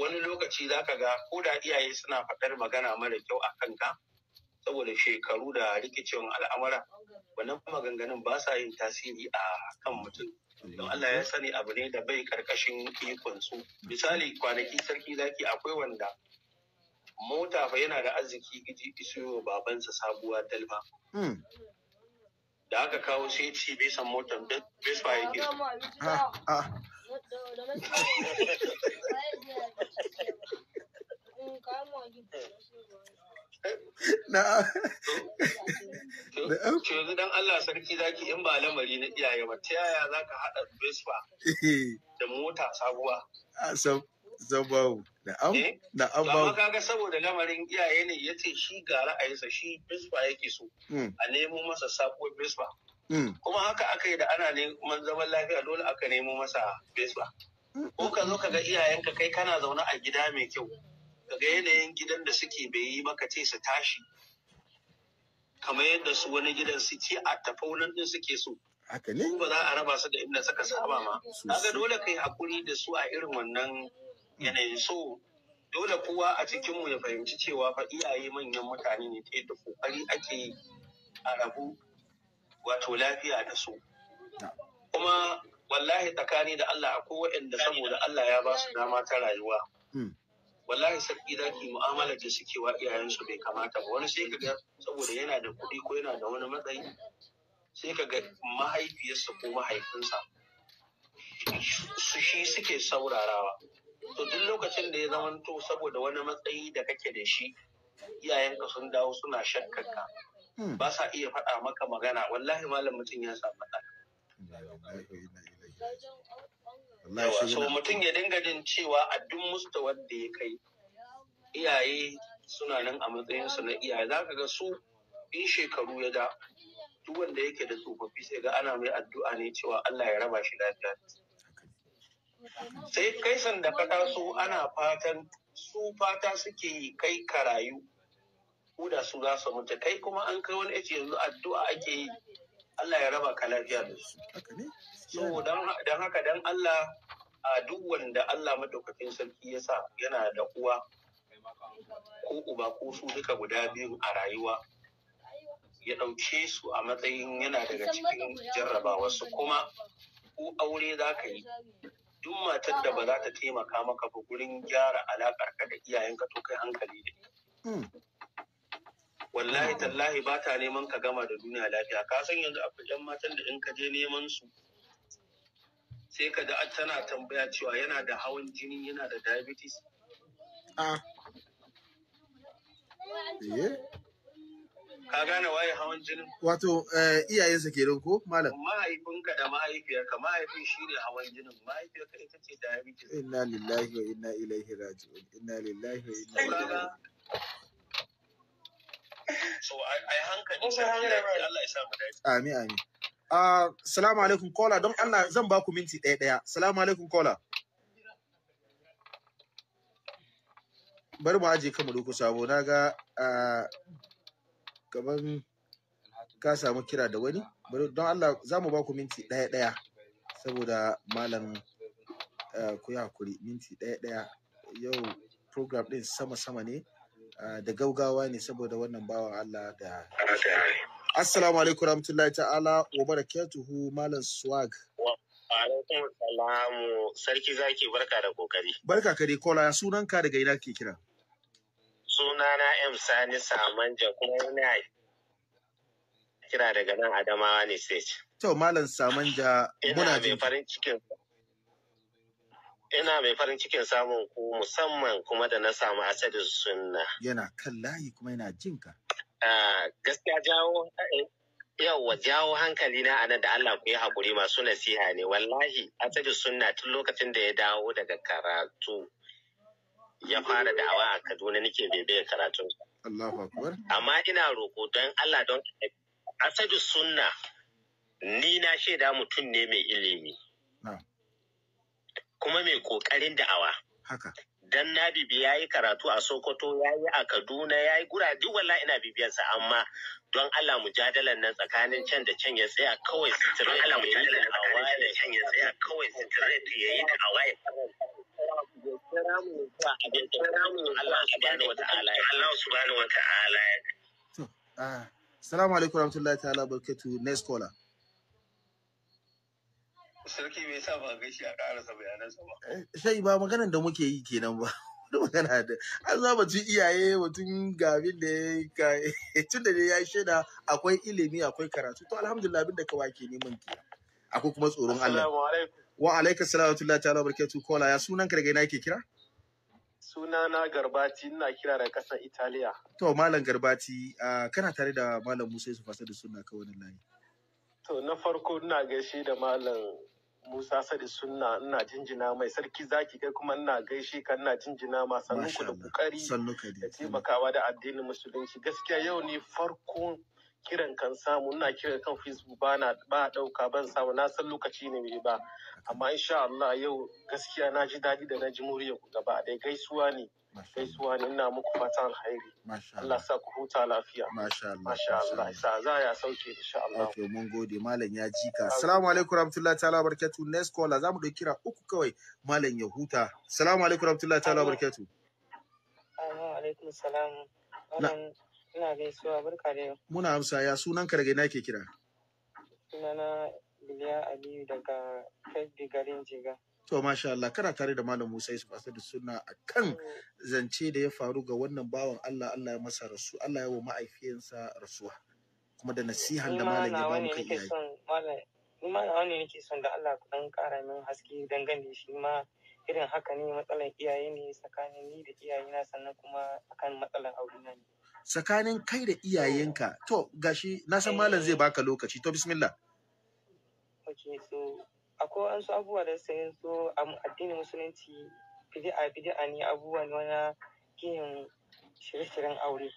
wani lokaci za ka ga ko da iyaye suna faɗar magana mara kyau a kanka saboda shekaru da rikicin al'amura wannan maganganun ba sa yin tasiri a kan mutum don Allah ya sani abu ne da bai karkashin ikon su misali kwanaki sarki zaki akwai wanda mota fa yana da arziki gidi isuyo babansa sabuwa dalma hmm. da aka kawo sai ci bisan motar da vespa ya ke yanzu dan Allah sarki zaki in ba lamari na iyaye ba ta yaya za ka haɗa vespa <laughs> da mota sabuwa? Ah, zabawu da an ba. Amma ga saboda lamarin iyaye ne yace shi ga ra'ayinsa shi bisba yake so. Hmm. A nemo masa sako bisba. Hmm. Kuma haka aka yi da ana neman zaman lafiya dole aka nemo masa bisba. Hmm. Ko ka zo ka ga iyayenka kai kana zaune a gida mai kyau. Kaga yanayin gidan da suke bai yi maka ce su tashi. Kamar yadda su wani gidan suke a tafaunan din suke so. Haka Ba za a raba su da inda suka saba ma. Kaga dole kai hakuri da su a irin wannan yanayin so dole kowa a cikinmu ya fahimci cewa fa iyaye manyan mutane ne ta yadda kokari ake yi a rabu wato lafiya da su kuma wallahi tsakani da Allah a akwai waɗanda saboda Allah ya ba su dama ta rayuwa hmm. wallahi sarki ki mu'amala da suke wa iyayensu bai kamata ba wani sai kaga saboda yana da kuɗi ko yana da wani matsayi sai kaga mahaifiyarsa ko mahaifinsa su shi suke saurarawa to duk lokacin da ya zamanto saboda wani matsayi da kake da shi iyayenka sun dawo suna ka. Hmm. ba sa iya faɗa maka magana wallahi malam mutum ya sa faɗa so mutum ya dinga jin cewa a duk mustawar da ya kai iyaye suna nan a matsayinsu na iyaye za ka ga su in shekaru ya da duk wanda yake da tsofaffi sai ga ana mai addu'a ne cewa Allah ya raba shi lafiya sai kai sanda ka taso ana fatan su fata suke yi kai ka rayu da su za su mutu kai kuma an kai wani ce yanzu addu'a ake yi Allah ya raba ka lafiya da su so dan haka dan Allah a duk wanda Allah madaukakin sarki ya sa yana da uwa ko uba ko su duka guda biyu a rayuwa ya ɗauke su a matsayin yana daga cikin jarrabawa su kuma ko aure za ka yi duk matar da ba za ta taimaka maka ba gurin gyara alaƙar ka da iyayenka to kai hankali ne hmm. wallahi tallahi ba ta neman ka gama da duniya lafiya ka san yanzu akwai yan matan da in ka je neman su sai ka da tana tambaya cewa yana da hawan jini yana da diabetes ah. Ka gane waye hawan jinin? Wato eh, iyayensa kenan ko malam? Mahaifinka da mahaifiyarka mahaifin shi ne hawan jinin mahaifiyarka ita ce diabetes. Inna lillahi wa inna ilaihi raji'un. Inna lillahi wa inna ilaihi raji'un. So ai hankali sai Allah ya sa mu dace. Amin amin. Uh, salamu alaikum kola don Allah zan ba ku minti ɗaya ɗaya. Salamu alaikum kola. Bari mu aje kama doko sabo na ga uh, kaman ka samu kira da wani don Allah za mu ba ku minti ɗaya ɗaya saboda malam eh, ku yi hakuri minti ɗaya ɗaya yau program ɗin sama sama ne ah, da gaugawa ne saboda wannan bawan Allah da Assalamu alaikum rahmatullahi ta'ala wa barakatuhu malam swag alaikum salamu sarki zaki barka da kokari barka kare kola sunanka daga ina ke kira sunana M Sani Samanja kuma yana kira daga nan Adamawa ne ce. To Malam Samanja muna mai farin cikin Ina mai farin cikin samun ku musamman kuma da na samu asadin sunna. Yana kan layi kuma yana jin ka. gaskiya jawo yawwa jawo hankali na anan da Allah ku yi haƙuri masu nasiha ne wallahi asadin sunna tun lokacin da ya dawo daga karatu. ya fara da'awa a Kaduna nake bebe karatun. Allahu Akbar. Amma ina roko don Allah don asadu sunna ni na shaida mutum ne mai ilimi. Kuma mai kokarin da'awa. Haka. Dan na bibiya ya yi karatu a Sokoto, ya yi a Kaduna, ya yi gura, duk ina bibiyarsa amma don Allah jadalan nan tsakanin can da can ya tsaya kawai sitirin Allah nan tsakanin da can ya tsaya kawai sitirin da yayi da awaye Allah subhanahu wa ta'ala Allah subhanahu wa ta'ala ah assalamu alaikum warahmatullahi next caller sarki bai sa ba gaishe a karasa bayanansa ba eh, sai ba maganar da muke yi kenan ba magana da an zama ci iyaye mutum ga abin da ya <laughs> tun da ya da akwai ilimi akwai karatu to alhamdulillah abin da kawai ke neman ke akwai kuma tsoron Allah wa alaikum salawatullahi ta'ala barkatu kola ya sunan ka daga ina ke kira sunana garbati ina kira daga kasar italiya to malam garbati kana tare da malam musa yusuf da suna kawai layi to na farko ina gaishe da malam Musa Sadi Sunna ina jinjina mai sarki zaki kai kuma ina gaishe ka ina jinjina ma sannu ku da kokari da taimakawa da addinin musulunci gaskiya yau ne farko kiran kan samu ina kiran kan Facebook ba na ba dauka ban samu na san lokaci ne mai ba amma insha Allah yau gaskiya na ji daɗi da na ji muryar ku gaba dai gaisuwa ne gaisuwa ne ina muku fatan alkhairi Allah sa ku huta lafiya masha Allah isa za ya sauke insha Allah okay mun gode malam ya ji ka. assalamu alaikum warahmatullahi ta'ala barakatuh next caller zamu da kira uku kawai malam ya huta assalamu alaikum warahmatullahi ta'ala barakatuh wa ah, alaikum salam ina gaisuwa barka da yau muna amsa ya sunan ka daga ina ke kira sunana Biliya Aliyu daga Kebbi garin Jiga to masha Allah kana tare da malam Musa Yusuf Asadu suna akan zance da ya faru ga wannan bawan Allah Allah ya masa rasu Allah ya wa ma'aifiyansa rasuwa kuma da nasihan da malam ya ba mu kai ni ma na wani nake son da Allah ku dan ƙara min haske dangane shi ma irin haka ne matsalar iyaye ne tsakanin ni da iyayena sannan kuma akan matsalar aure na ne tsakanin kai da iyayenka to gashi na san malam zai eh. baka lokaci to bismillah okay so akwai wasu abubuwa da sun zo a addinin musulunci bidi'a bidi'a ne abubuwa ne wani ginin shirye-shiryen aure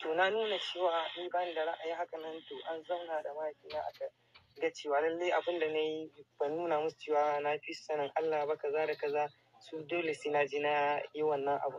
to na nuna cewa ni bani da ra'ayi haka nan to an zauna da mahaifina aka ga cewa lallai abin da na yi ban nuna musu cewa na fi sanin Allah ba kaza da kaza su dole sai na je na yi wannan abu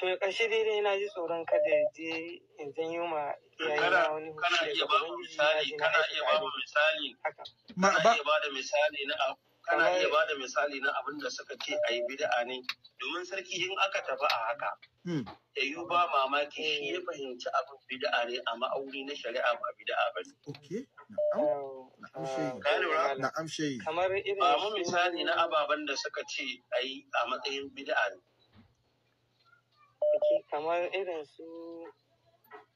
to ya ƙarshe daidai na ji tsoron kada ya je in janyo ma kana iya ba mu misali kana iya ba misali kana iya ba da misali na kana iya ba da misali na abin da suka ce a yi bid'a ne domin sarki in aka tafi a haka hmm. ya yi ba mamaki shi ya eh. fahimci abin bid'a ne a ma'auni na shari'a ba bid'a ba ne. Ah, Kamar irin ba mu misali na ababen da suka ce a yi a matsayin bid'a ne. kamar irin su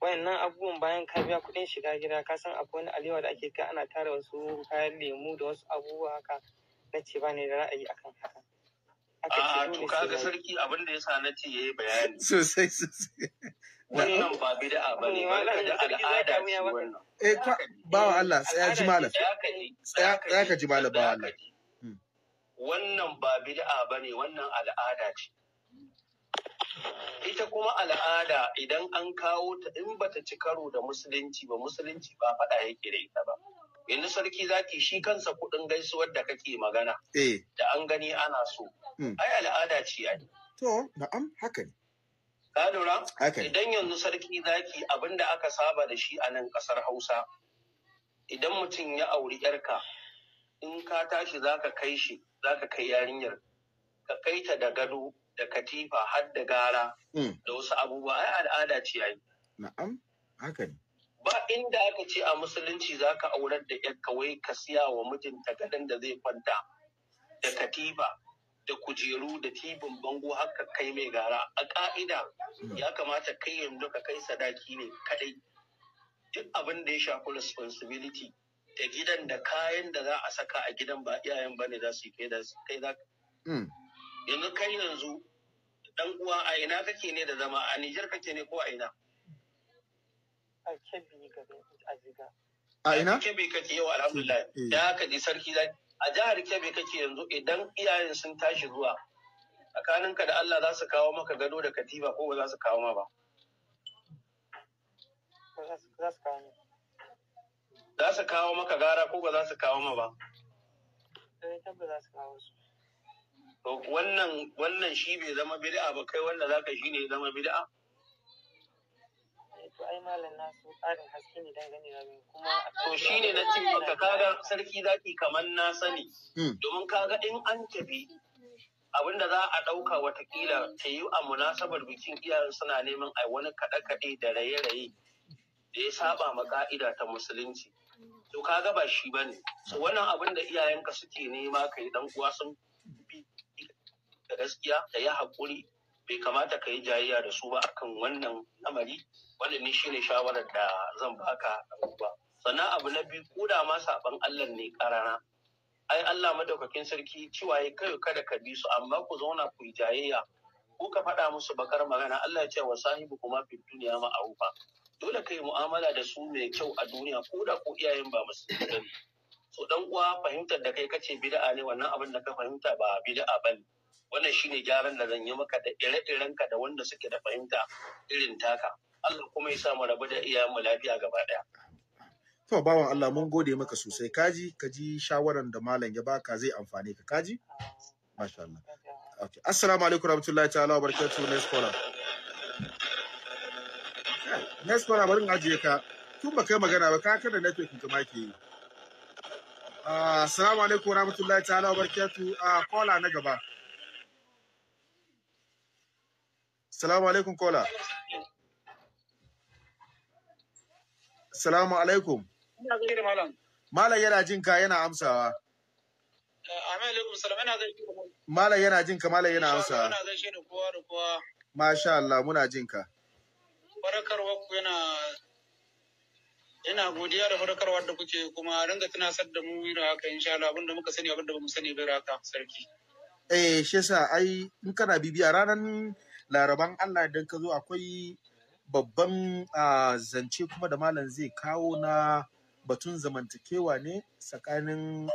wayannan abubuwan bayan ka biya kuɗin shiga gida ka san akwai wani alewa da ake kai ana tara wasu kayan lemu da wasu abubuwa haka na ce ba ne da ra'ayi akan haka. A to kaga sarki abin da yasa na ce yayi bayani. Sosai sosai. Wannan ba bid'a ba ne mm, ba da al'ada ce wannan. Eh ba wa Allah tsaya ji malam. Tsaya ka ji malam ba Allah. Hmm. Wannan ba bid'a ba ne wannan al'ada ce. ita kuma al'ada idan an kawo ta in bata ci karo da musulunci ba musulunci ba faɗa yake da ita ba yanzu sarki zaki shi kansa kuɗin gaisuwar da kake magana eh. da an gani ana so hmm. ai al'ada ce a to na'am haka ne ka lura idan yanzu sarki zaki abinda aka saba da shi a nan ƙasar Hausa idan mutum ya auri yarka in ka tashi zaka kai shi zaka kai yarinyar ka kai ta da gado da katifa har da gara mm. da wasu abubuwa ai al'ada ce ai na'am haka ne ba inda aka ce a musulunci zaka aurar da yarka wai ka siya wa mijinta gadon da zai kwanta da katifa da kujeru da tibin bango haka kai mai gara a ka'ida mm. ya kamata kai yanzu ka kai sadaki ne kadai duk abin da ya shafi responsibility da gidan da kayan da za a saka a gidan ba iyayen bane za su yi kai kai za mm. yanzu kai yanzu dan uwa a ina kake ne da zama a Nijar kake ne ko a ina a Kebbi a jiga a ina Kebbi kake yau alhamdulillah da ka ji sarki da a jihar Kebbi kake yanzu idan iyayen sun tashi zuwa tsakaninka da Allah za su kawo maka gado da katiba ko ba za su kawo ma ba za su kawo maka gara ko ba za su kawo ma ba eh, wannan wannan shi bai zama bid'a ba kai wanda zaka shi ne zama bid'a to ai malam nasu tsarin haske ne dangane da mu kuma to shine na cin maka kaga sarki zaki kamar na sani hmm. domin kaga in an tafi abinda za a ɗauka watakila ta yi a munasabar bikin iyayen suna neman ai wani kaɗe-kaɗe da raye-raye da ya saba ma ka'ida ta musulunci to kaga ba shi bane so wannan abin da iyayenka suke nema kai dan uwa sun da gaskiya ka yi haƙuri bai kamata ka yi jayayya da su ba akan wannan lamari wanda ne shine shawarar da zan baka ba sannan abu na biyu kuda ma saban Allah ne karana ai Allah madaukakin sarki cewa ya kai kada ka bi su amma ku zauna ku yi jayayya ko ka faɗa musu bakar magana Allah ya ce wa sahibu kuma fi duniya aufa dole kai mu'amala da su mai kyau a duniya ko da ko iyayen ba musu so dan uwa fahimtar da kai kace bid'a ne wannan abin da ka fahimta ba bid'a bane wannan shine gyaran da zan yi maka da ire-iren ka da wanda suke da fahimta irin taka Allah kuma ya sa mu rabu da iya mu lafiya gaba daya to bawan Allah mun gode maka sosai kaji kaji shawaran da malam ya baka zai amfane ka kaji masha Allah okay assalamu alaikum warahmatullahi ta'ala wabarakatuh next caller next caller bari in ajiye ka tun ba kai magana ba ka kada network ka ma ke yi ah, assalamu alaikum warahmatullahi ta'ala wabarakatuh a ah, caller na gaba Salamu alaikum kola. Salamu alaikum. Malam yana jin ka yana amsawa. Malam yana jin ka malam yana amsawa. Masha Allah muna jin ka. Barakarwa ku yana ina godiya da farkarwa da kuke kuma ringa tunasar da mu da haka insha Allah abinda muka sani abinda bamu sani bai raka sarki eh shi yasa ai in kana bibiya ranan laraban Allah idan ka zo akwai babban zance kuma da malam zai kawo na batun zamantakewa ne tsakanin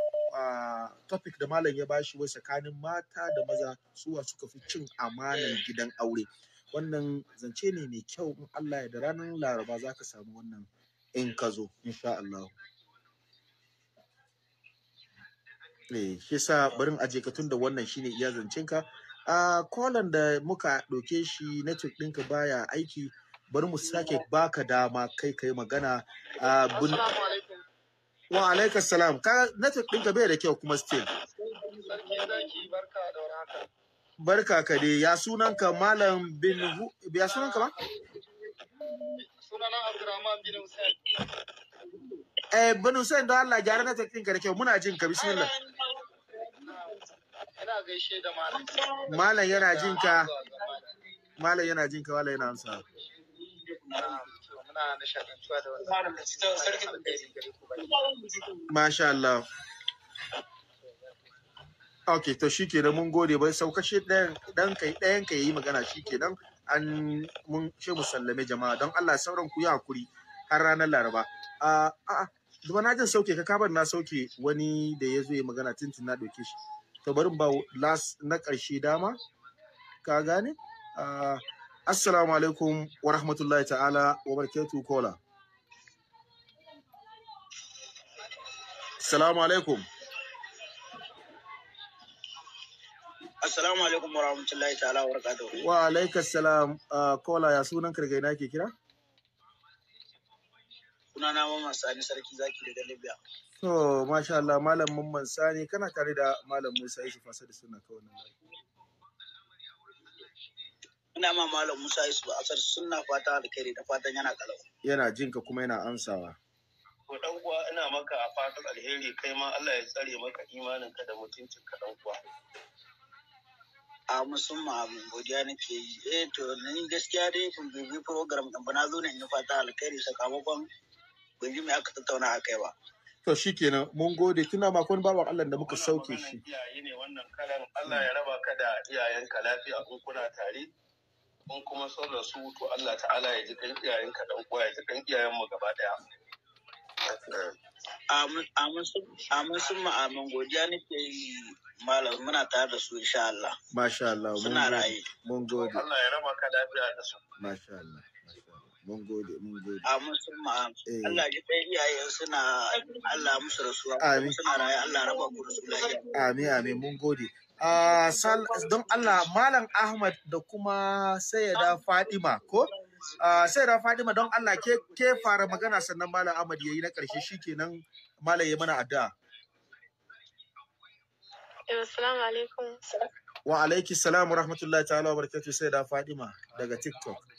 topic da malam ya bashi wai tsakanin mata da maza suwa suka fi cin amanar gidan aure wannan zance ne mai kyau in Allah ya da ranar laraba za ka samu wannan in ka zo insha Allah eh sa barin aje ka tunda wannan shine iya zancenka Uh, kolon da muka ɗauke shi na ɗinka baya aiki bari mu sake baka dama kai kai magana bun... wa alaikar salam ka network ɗinka bai da kyau kuma still barka ka dai ya sunan ka malam bin hu... ya sunan ka ba sunana abdurrahman bin hussein eh bin hussein don allah gyara network ɗinka da kyau muna jin ka bismillah Malam yana jin ka. Malam yana jin ka, malam yana amsa. Masha Allah. Ok, to shi kenan mun gode bai saukashe ɗayan kai ɗayan kai yi magana shi kenan an mun shi musallame jama'a don Allah sauran ku yi hakuri har ranar Laraba. A'a, zuba na jin sauke ka kabar na sauke wani da ya zo ya magana tuntun na ɗauke shi. to bari ba las na ƙarshe dama ka gane ah, assalamu alaikum wa rahmatullahi ta'ala wa barakatuh kola assalamu alaikum assalamu alaikum wa rahmatullahi ta'ala wa barakatuh wa alaikas salam kola ah, ya sunan kargaina ke kira sunana Mamman Sani Sarki Zaki daga Libya. To, masha Allah, Malam Mamman Sani, kana tare da Malam Musa Isu Fasa da suna wannan nan. Ina ma Malam Musa ba, Asar suna fata alkhairi da fatan yana kalau. Yana jinka kuma yana amsawa. Ko dan uwa ina maka a fatan alheri kai ma Allah ya tsare maka imanin ka da mutuncin ka dan uwa. a musamman abin godiya nake yi eh to ni gaskiya dai kun bibi program din ba na zo ne in fata alkhairi sakamakon ban ji me aka tattauna a kai ba to shi kenan mun gode tuna ma kun bawa Allah da muka sauke shi iyaye ne wannan kalan Allah ya raba ka da iyayenka lafiya in kuna tare Mun kuma son rasu to Allah ta'ala ya ji kan iyayenka dan uwa ya ji kan iyayen mu gaba daya amin sun ma'amin godiya nake yi malam muna tare da su insha Allah masha Allah suna mun gode Allah ya raba ka lafiya da su masha Allah Mun gode, mun gode. A musulma, eh. Allah ji ɗaya iyayen suna Allah musu rasuwa. Amin. Suna raye Allah raba ku da su lafiya. Amin, amin, mun gode. Ah, don Allah Malam Ahmad da kuma Sayyida Fadima ko? Ah, Sayyida Fadima don Allah ke, ke fara magana sannan Malam Ahmad ya yi na karshe shikenan Malam ya mana addu'a. Eh, assalamu alaikum. Wa alaiki salam wa rahmatullahi ta'ala wa barakatuh Sayyada Fadima daga TikTok.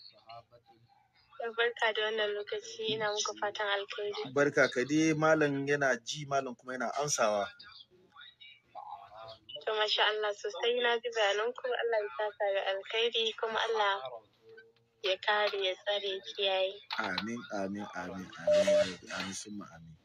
Barka da wannan lokaci ina muku fatan alkhairi. Barka ka dai malam yana ji malam kuma yana amsawa. To masha Allah sosai na ji bayananku Allah ya saka da alkhairi kuma Allah ya kare ya tsare kiyaye. Amin amin amin amin amin amin, amin.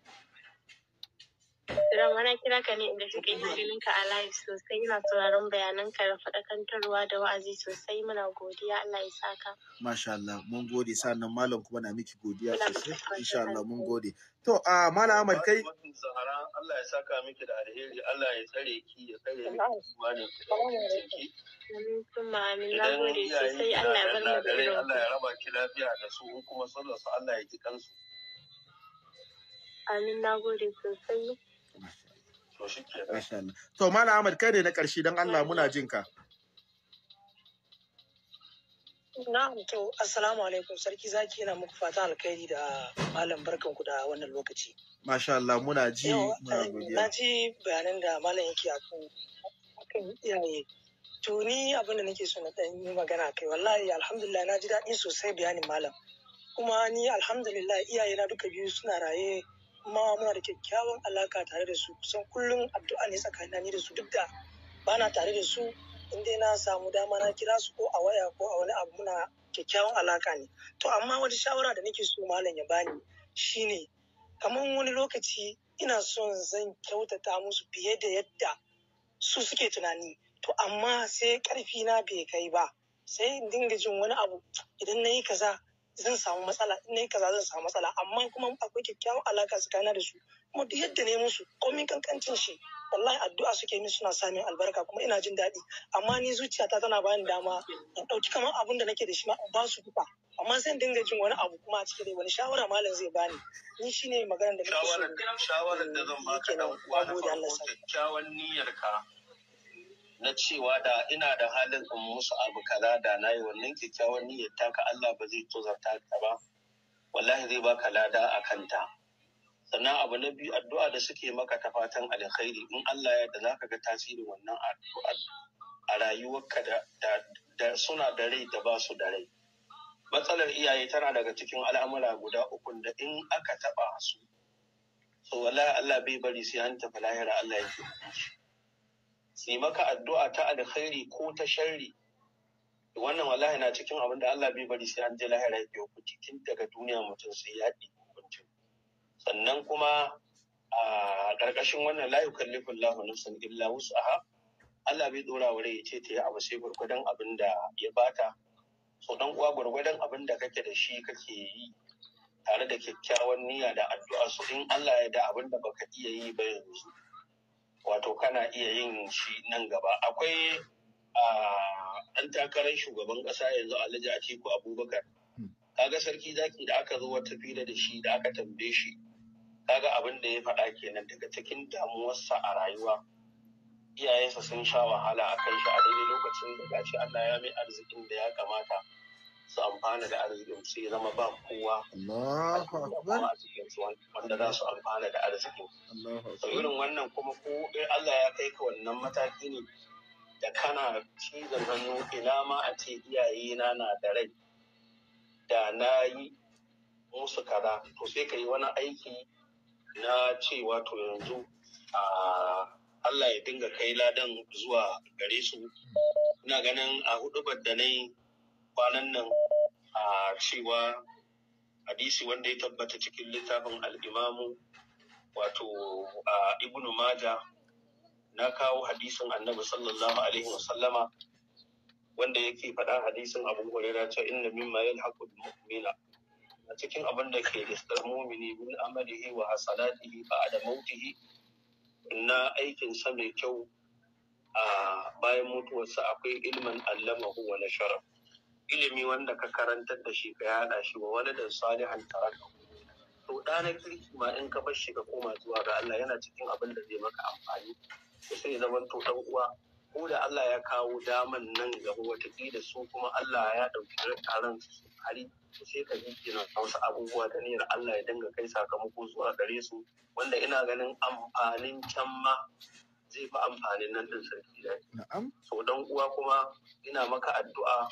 Ran wani kira ka ne inda suke ganin ka a live sosai ina sauraron bayanan ka da faɗakantarwa da wa'azi sosai muna godiya Allah ya saka. Masha Allah mun gode sannan malam kuma na miki godiya sosai insha Allah mun gode. To a malam Ahmad kai Zahara Allah ya saka miki da alheri Allah ya tsare ki ya tsare miki kuma ne ki. Amin na gode sosai Allah ya bar mu Allah ya raba ki lafiya da su kuma sallar su Allah ya ji kansu. Amin na gode sosai. To Malam Ahmad kai ne na ƙarshe don Allah muna jin ka. Na'am to assalamu alaikum sarki zaki yana muku fata alkhairi da malam barkan ku da wannan lokaci. Masha Allah muna ji muna eh, Na ji bayanan da malam yake a kan iyaye. To ni abin da nake so na dan yi magana kai wallahi alhamdulillah na ji daɗi sosai bayanin malam. Kuma ni alhamdulillah iyaye na duka biyu suna raye kuma muna da kyakkyawan alaka tare da su kusan kullum addu'a ne tsakanin ni da su duk da bana tare da su in dai na samu dama na kira su ko a waya ko a wani abu muna kyakkyawan alaka ne to amma wani shawara da nake so malam ya bani shine kamar wani lokaci ina son zan kyautata musu fiye da yadda su suke tunani to amma sai karfi na bai kai ba sai in dinga jin wani abu idan na yi kaza zan samu matsala in kaza zan samu matsala amma kuma akwai kyakkyawan alaka tsakanin da su kuma duk yadda ne musu komin kankancin shi wallahi addu'a suke min suna samun albarka kuma ina jin daɗi amma ni zuciyata tana bani dama in ɗauki kamar abin da nake da shi ma in ba su kuka amma sai dinga jin wani abu kuma a cikin wani shawara malam zai bani ni shine maganar da nake so shawara da zan baka dan uwa da kyakkyawan niyyar ka na cewa da ina da halin in musu abu kaza da na yi wannan kyakkyawan niyyar taka Allah ba zai tozarta ka ba wallahi zai baka lada a kanta sannan abu na biyu addu'a da suke maka ta fatan alkhairi in Allah ya da zaka ga tasirin wannan addu'a a rayuwarka da, suna da rai da ba su da rai matsalar iyaye tana daga cikin al'amura guda uku da in aka taba su so wallahi Allah bai bari sai an tafi lahira Allah yake hukunci su yi maka addu'a ta alkhairi ko ta sharri wannan wallahi na cikin abin da Allah bai bari sai an je lahira ya biyo cikin daga duniya mutum sai ya yi hukunci. sannan kuma a ƙarƙashin wannan la yukallifu Allahu nafsan illa wus'aha Allah bai dora wa rai ce ta yi abu sai gurgudan abin da ya bata so dan uwa gurgudan abin da kake da shi kake yi tare da kyakkyawan niyya da addu'a so in Allah ya da abin da baka iya yi ba yanzu wato kana iya yin shi nan gaba akwai ɗan takarar shugaban ƙasa yanzu alhaji atiku abubakar hmm. kaga sarki zaki da aka zo wata fila da shi da aka tambaye shi kaga abin da ya faɗa kenan daga cikin damuwarsa a rayuwa iyayensa sun sha wahala a kan shi a daidai lokacin da gashi Allah ya mai arzikin da ya kamata su amfana da arzikin su ya zama ba kowa a cikin wanda za su amfana da arzikin su irin wannan kuma ko Allah ya kai ka wannan mataki ne da kana cizon hannu ina ma a ce iyaye na da rai da na yi musu kaza to sai ka yi wani aiki na cewa to yanzu a Allah ya dinga kai ladan zuwa gare su ina ganin a hudubar da na yi kwanan nan a cewa hadisi wanda ya tabbata cikin littafin al'imamu wato a ibnu maja na kawo hadisin annabi sallallahu alaihi wasallama wanda yake faɗa hadisin abin hurera ta inna mimma yalhaqu bil mu'mina a cikin abin da ke riskar mumini min amalihi wa hasanatihi ba'da mautihi na aikin sa mai kyau a bayan mutuwarsa akwai ilmin allamahu wa na sharaf ilimi wanda ka karantar da shi ka yada shi wa wani da salihan taraka to ɗana kirki ma in ka bar shi ka koma zuwa ga Allah yana cikin abin da zai maka amfani sai zaman to dan uwa ko da Allah ya kawo daman nan gaba watakila su kuma Allah ya ɗauki taron su hari sai ka ji kina wasu abubuwa da niyyar Allah ya dinga kai sakamako zuwa gare su wanda ina ganin amfanin can ma zai fi amfanin nan din sarki da so dan uwa kuma ina maka addu'a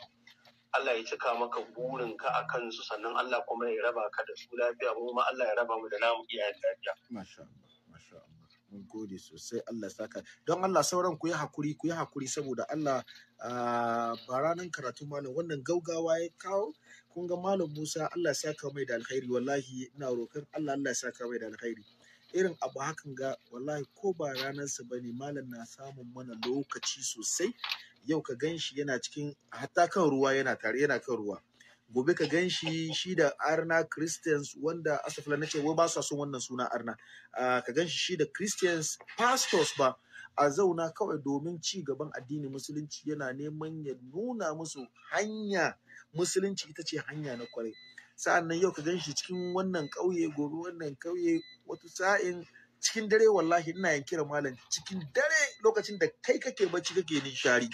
Allah ya cika maka burinka a kansu sannan Allah kuma ya raba ka da su lafiya mu ma Allah ya raba mu da namu yin lafiya. Masha masha mun gode sosai Allah ya saka don Allah sauran ku yi hakuri ku yi hakuri saboda Allah ba ranar karatu malam wannan gaugawa ya kawo kun ga malam Musa Allah ya saka mai da alkhairi wallahi ina roƙon Allah Allah ya saka mai da alkhairi irin abu hakan ga wallahi ko ba ranarsa bane malam na samun mana lokaci sosai yau ka gan shi yana cikin hatta kan ruwa yana tare yana kan ruwa gobe ka gan shi shi da arna christians wanda asafila na ce wai ba su son wannan suna arna ka gan shi shi da christians pastors ba a zauna kawai domin ci gaban addinin musulunci yana neman ya nuna musu hanya musulunci ita ce hanya na kwarai sa'an yau ka gan shi cikin wannan ƙauye gobe wannan ƙauye wata sa'in cikin dare wallahi ina yin kira malam cikin dare lokacin da kai kake bacci kake nishari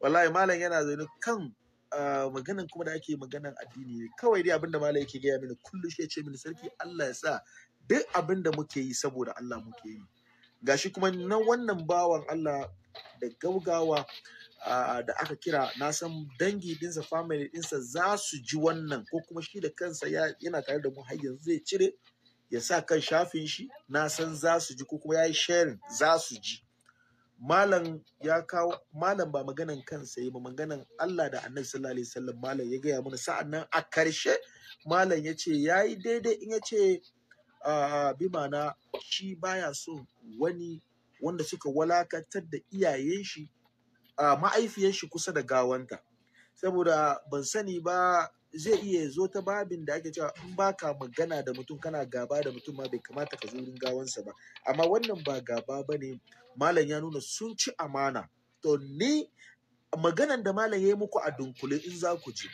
wallahi malam yana zaune kan ah, maganan kuma da ake maganan addini ne kawai dai abinda malam yake gaya mini kullum shi ya ce mini sarki Allah ya sa duk abinda muke yi saboda Allah muke yi gashi kuma na wannan bawan Allah da gaugawa ah, da aka kira na san dangi dinsa family dinsa za su ji wannan ko kuma shi da kansa yana tare da mu har yanzu zai cire ya sa kan shafin shi na san za su ji ko kuma ya yi sharing za su ji malam ya kawo malam ba maganan kansa yi ba maganan Allah da annabi sallallahu alaihi wasallam malam ya gaya mana sa'annan a karshe malam ya ce ya yi daidai in ya ce ah, bi mana shi baya son wani wanda suka walakantar da iyayen shi ah, ma'aifiyar shi kusa da gawanta saboda ban sani ba zai iya zo ta babin da ake cewa in baka magana da mutum kana gaba da mutum ma bai kamata ka zo wurin gawansa ba amma wannan ba gaba ba ne malam ya nuna sun ci amana to ni maganan da malam ya yi muku a dunkule in za ku ji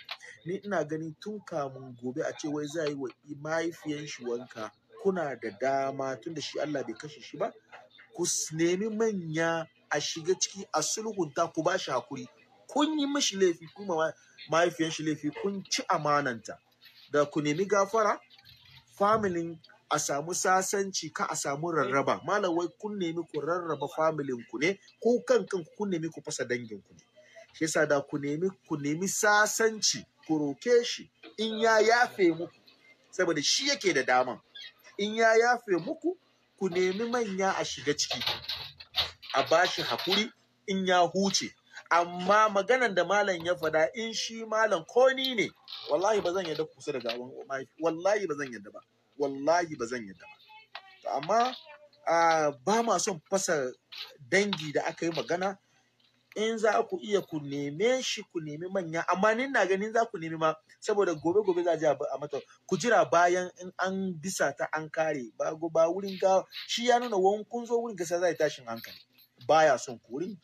ni ina gani tun kamun gobe a ce wai za yi wa mahaifiyan shi wanka kuna da dama tun da shi Allah bai kashe shi ba ku nemi manya a shiga ciki a sulhunta ku ba shi hakuri kun yi mishi laifi kuma mahaifiyar shi laifi kun ci amananta da ku nemi gafara familin a samu sasanci ka a samu rarraba malam wai kun nemi ku rarraba familin ku ne ko kan kan kun nemi ku fasa dangin ku ne shi yasa da ku nemi ku nemi sasanci ku roke shi in ya yafe muku saboda shi yake da daman in ya yafe muku ku nemi manya a shiga ciki a bashi hakuri in ya huce amma maganan da malam ya fada in shi malam ko ni ne wallahi ba zan yadda kusa da gawan mahaifi wallahi ba zan yadda ba wallahi ba zan yadda ba amma ba ma son fasa dangi da aka yi magana in za ku iya ku neme shi ku nemi manya amma nin na ganin za ku nemi ma saboda gobe gobe za a a mata ku jira bayan in an bisa ta an kare ba ba wurin ga shi ya nuna wani kun zo wurin gasa zai tashin hankali baya son ku wurin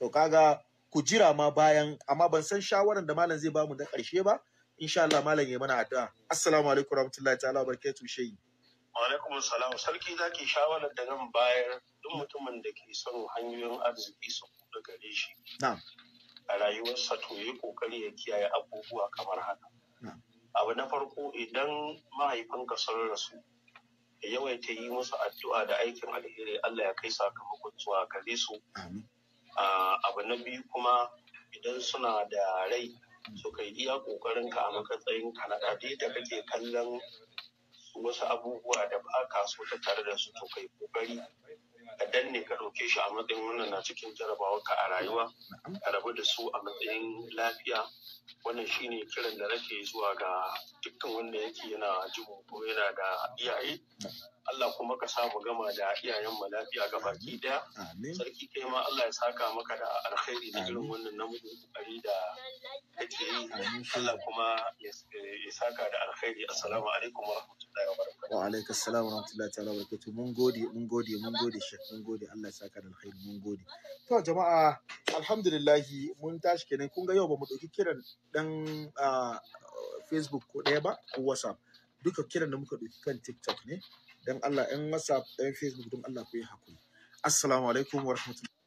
to kaga ku jira ma bayan amma ban san shawaran da malam zai bamu da ƙarshe ba insha Allah malam ya mana addu'a assalamu alaikum warahmatullahi ta'ala barakatuh shehi wa alaikum assalam sarki zaki shawarar da zan bayar duk mutumin da ke son hanyoyin arziki su da gare shi na'am a rayuwarsa to yi kokari ya kiyaye abubuwa kamar haka abu na farko idan mahaifinka sun rasu yawaita yi musu addu'a da aikin alheri Allah ya kai sakamakon zuwa gare su abu na biyu kuma idan suna da rai su yi iya kokarin ka a matsayin ka na ɗaɗe da kake kallon wasu abubuwa da ba ka so ta tare da su to kai kokari ka danne ka ɗauke shi a matsayin wannan na cikin jarabawa ka a rayuwa ka rabu da su a matsayin lafiya wannan shine kiran da nake zuwa ga dukkan wanda yake yana jin ko yana da iyaye Allah kuma ka samu gama da iyayen mu lafiya ga baki daya sarki kai ma Allah ya saka maka da alkhairi da irin wannan namijin kokari da kake yi Allah kuma ya saka da alkhairi assalamu alaikum wa rahmatullahi wa barakatuh wa alaikum assalam wa rahmatullahi wa barakatuh mun gode mun gode mun gode shek mun gode Allah ya saka da alkhairi mun gode to jama'a alhamdulillah mun tashi kenan kun ga yau ba mu dauki kiran dan ah, Facebook ko ɗaya ba ko WhatsApp duka kiran da muka ɗauki kan TikTok ne dan Allah yan WhatsApp yan Facebook don Allah ku yi hakuri assalamu alaikum wa rahmatullahi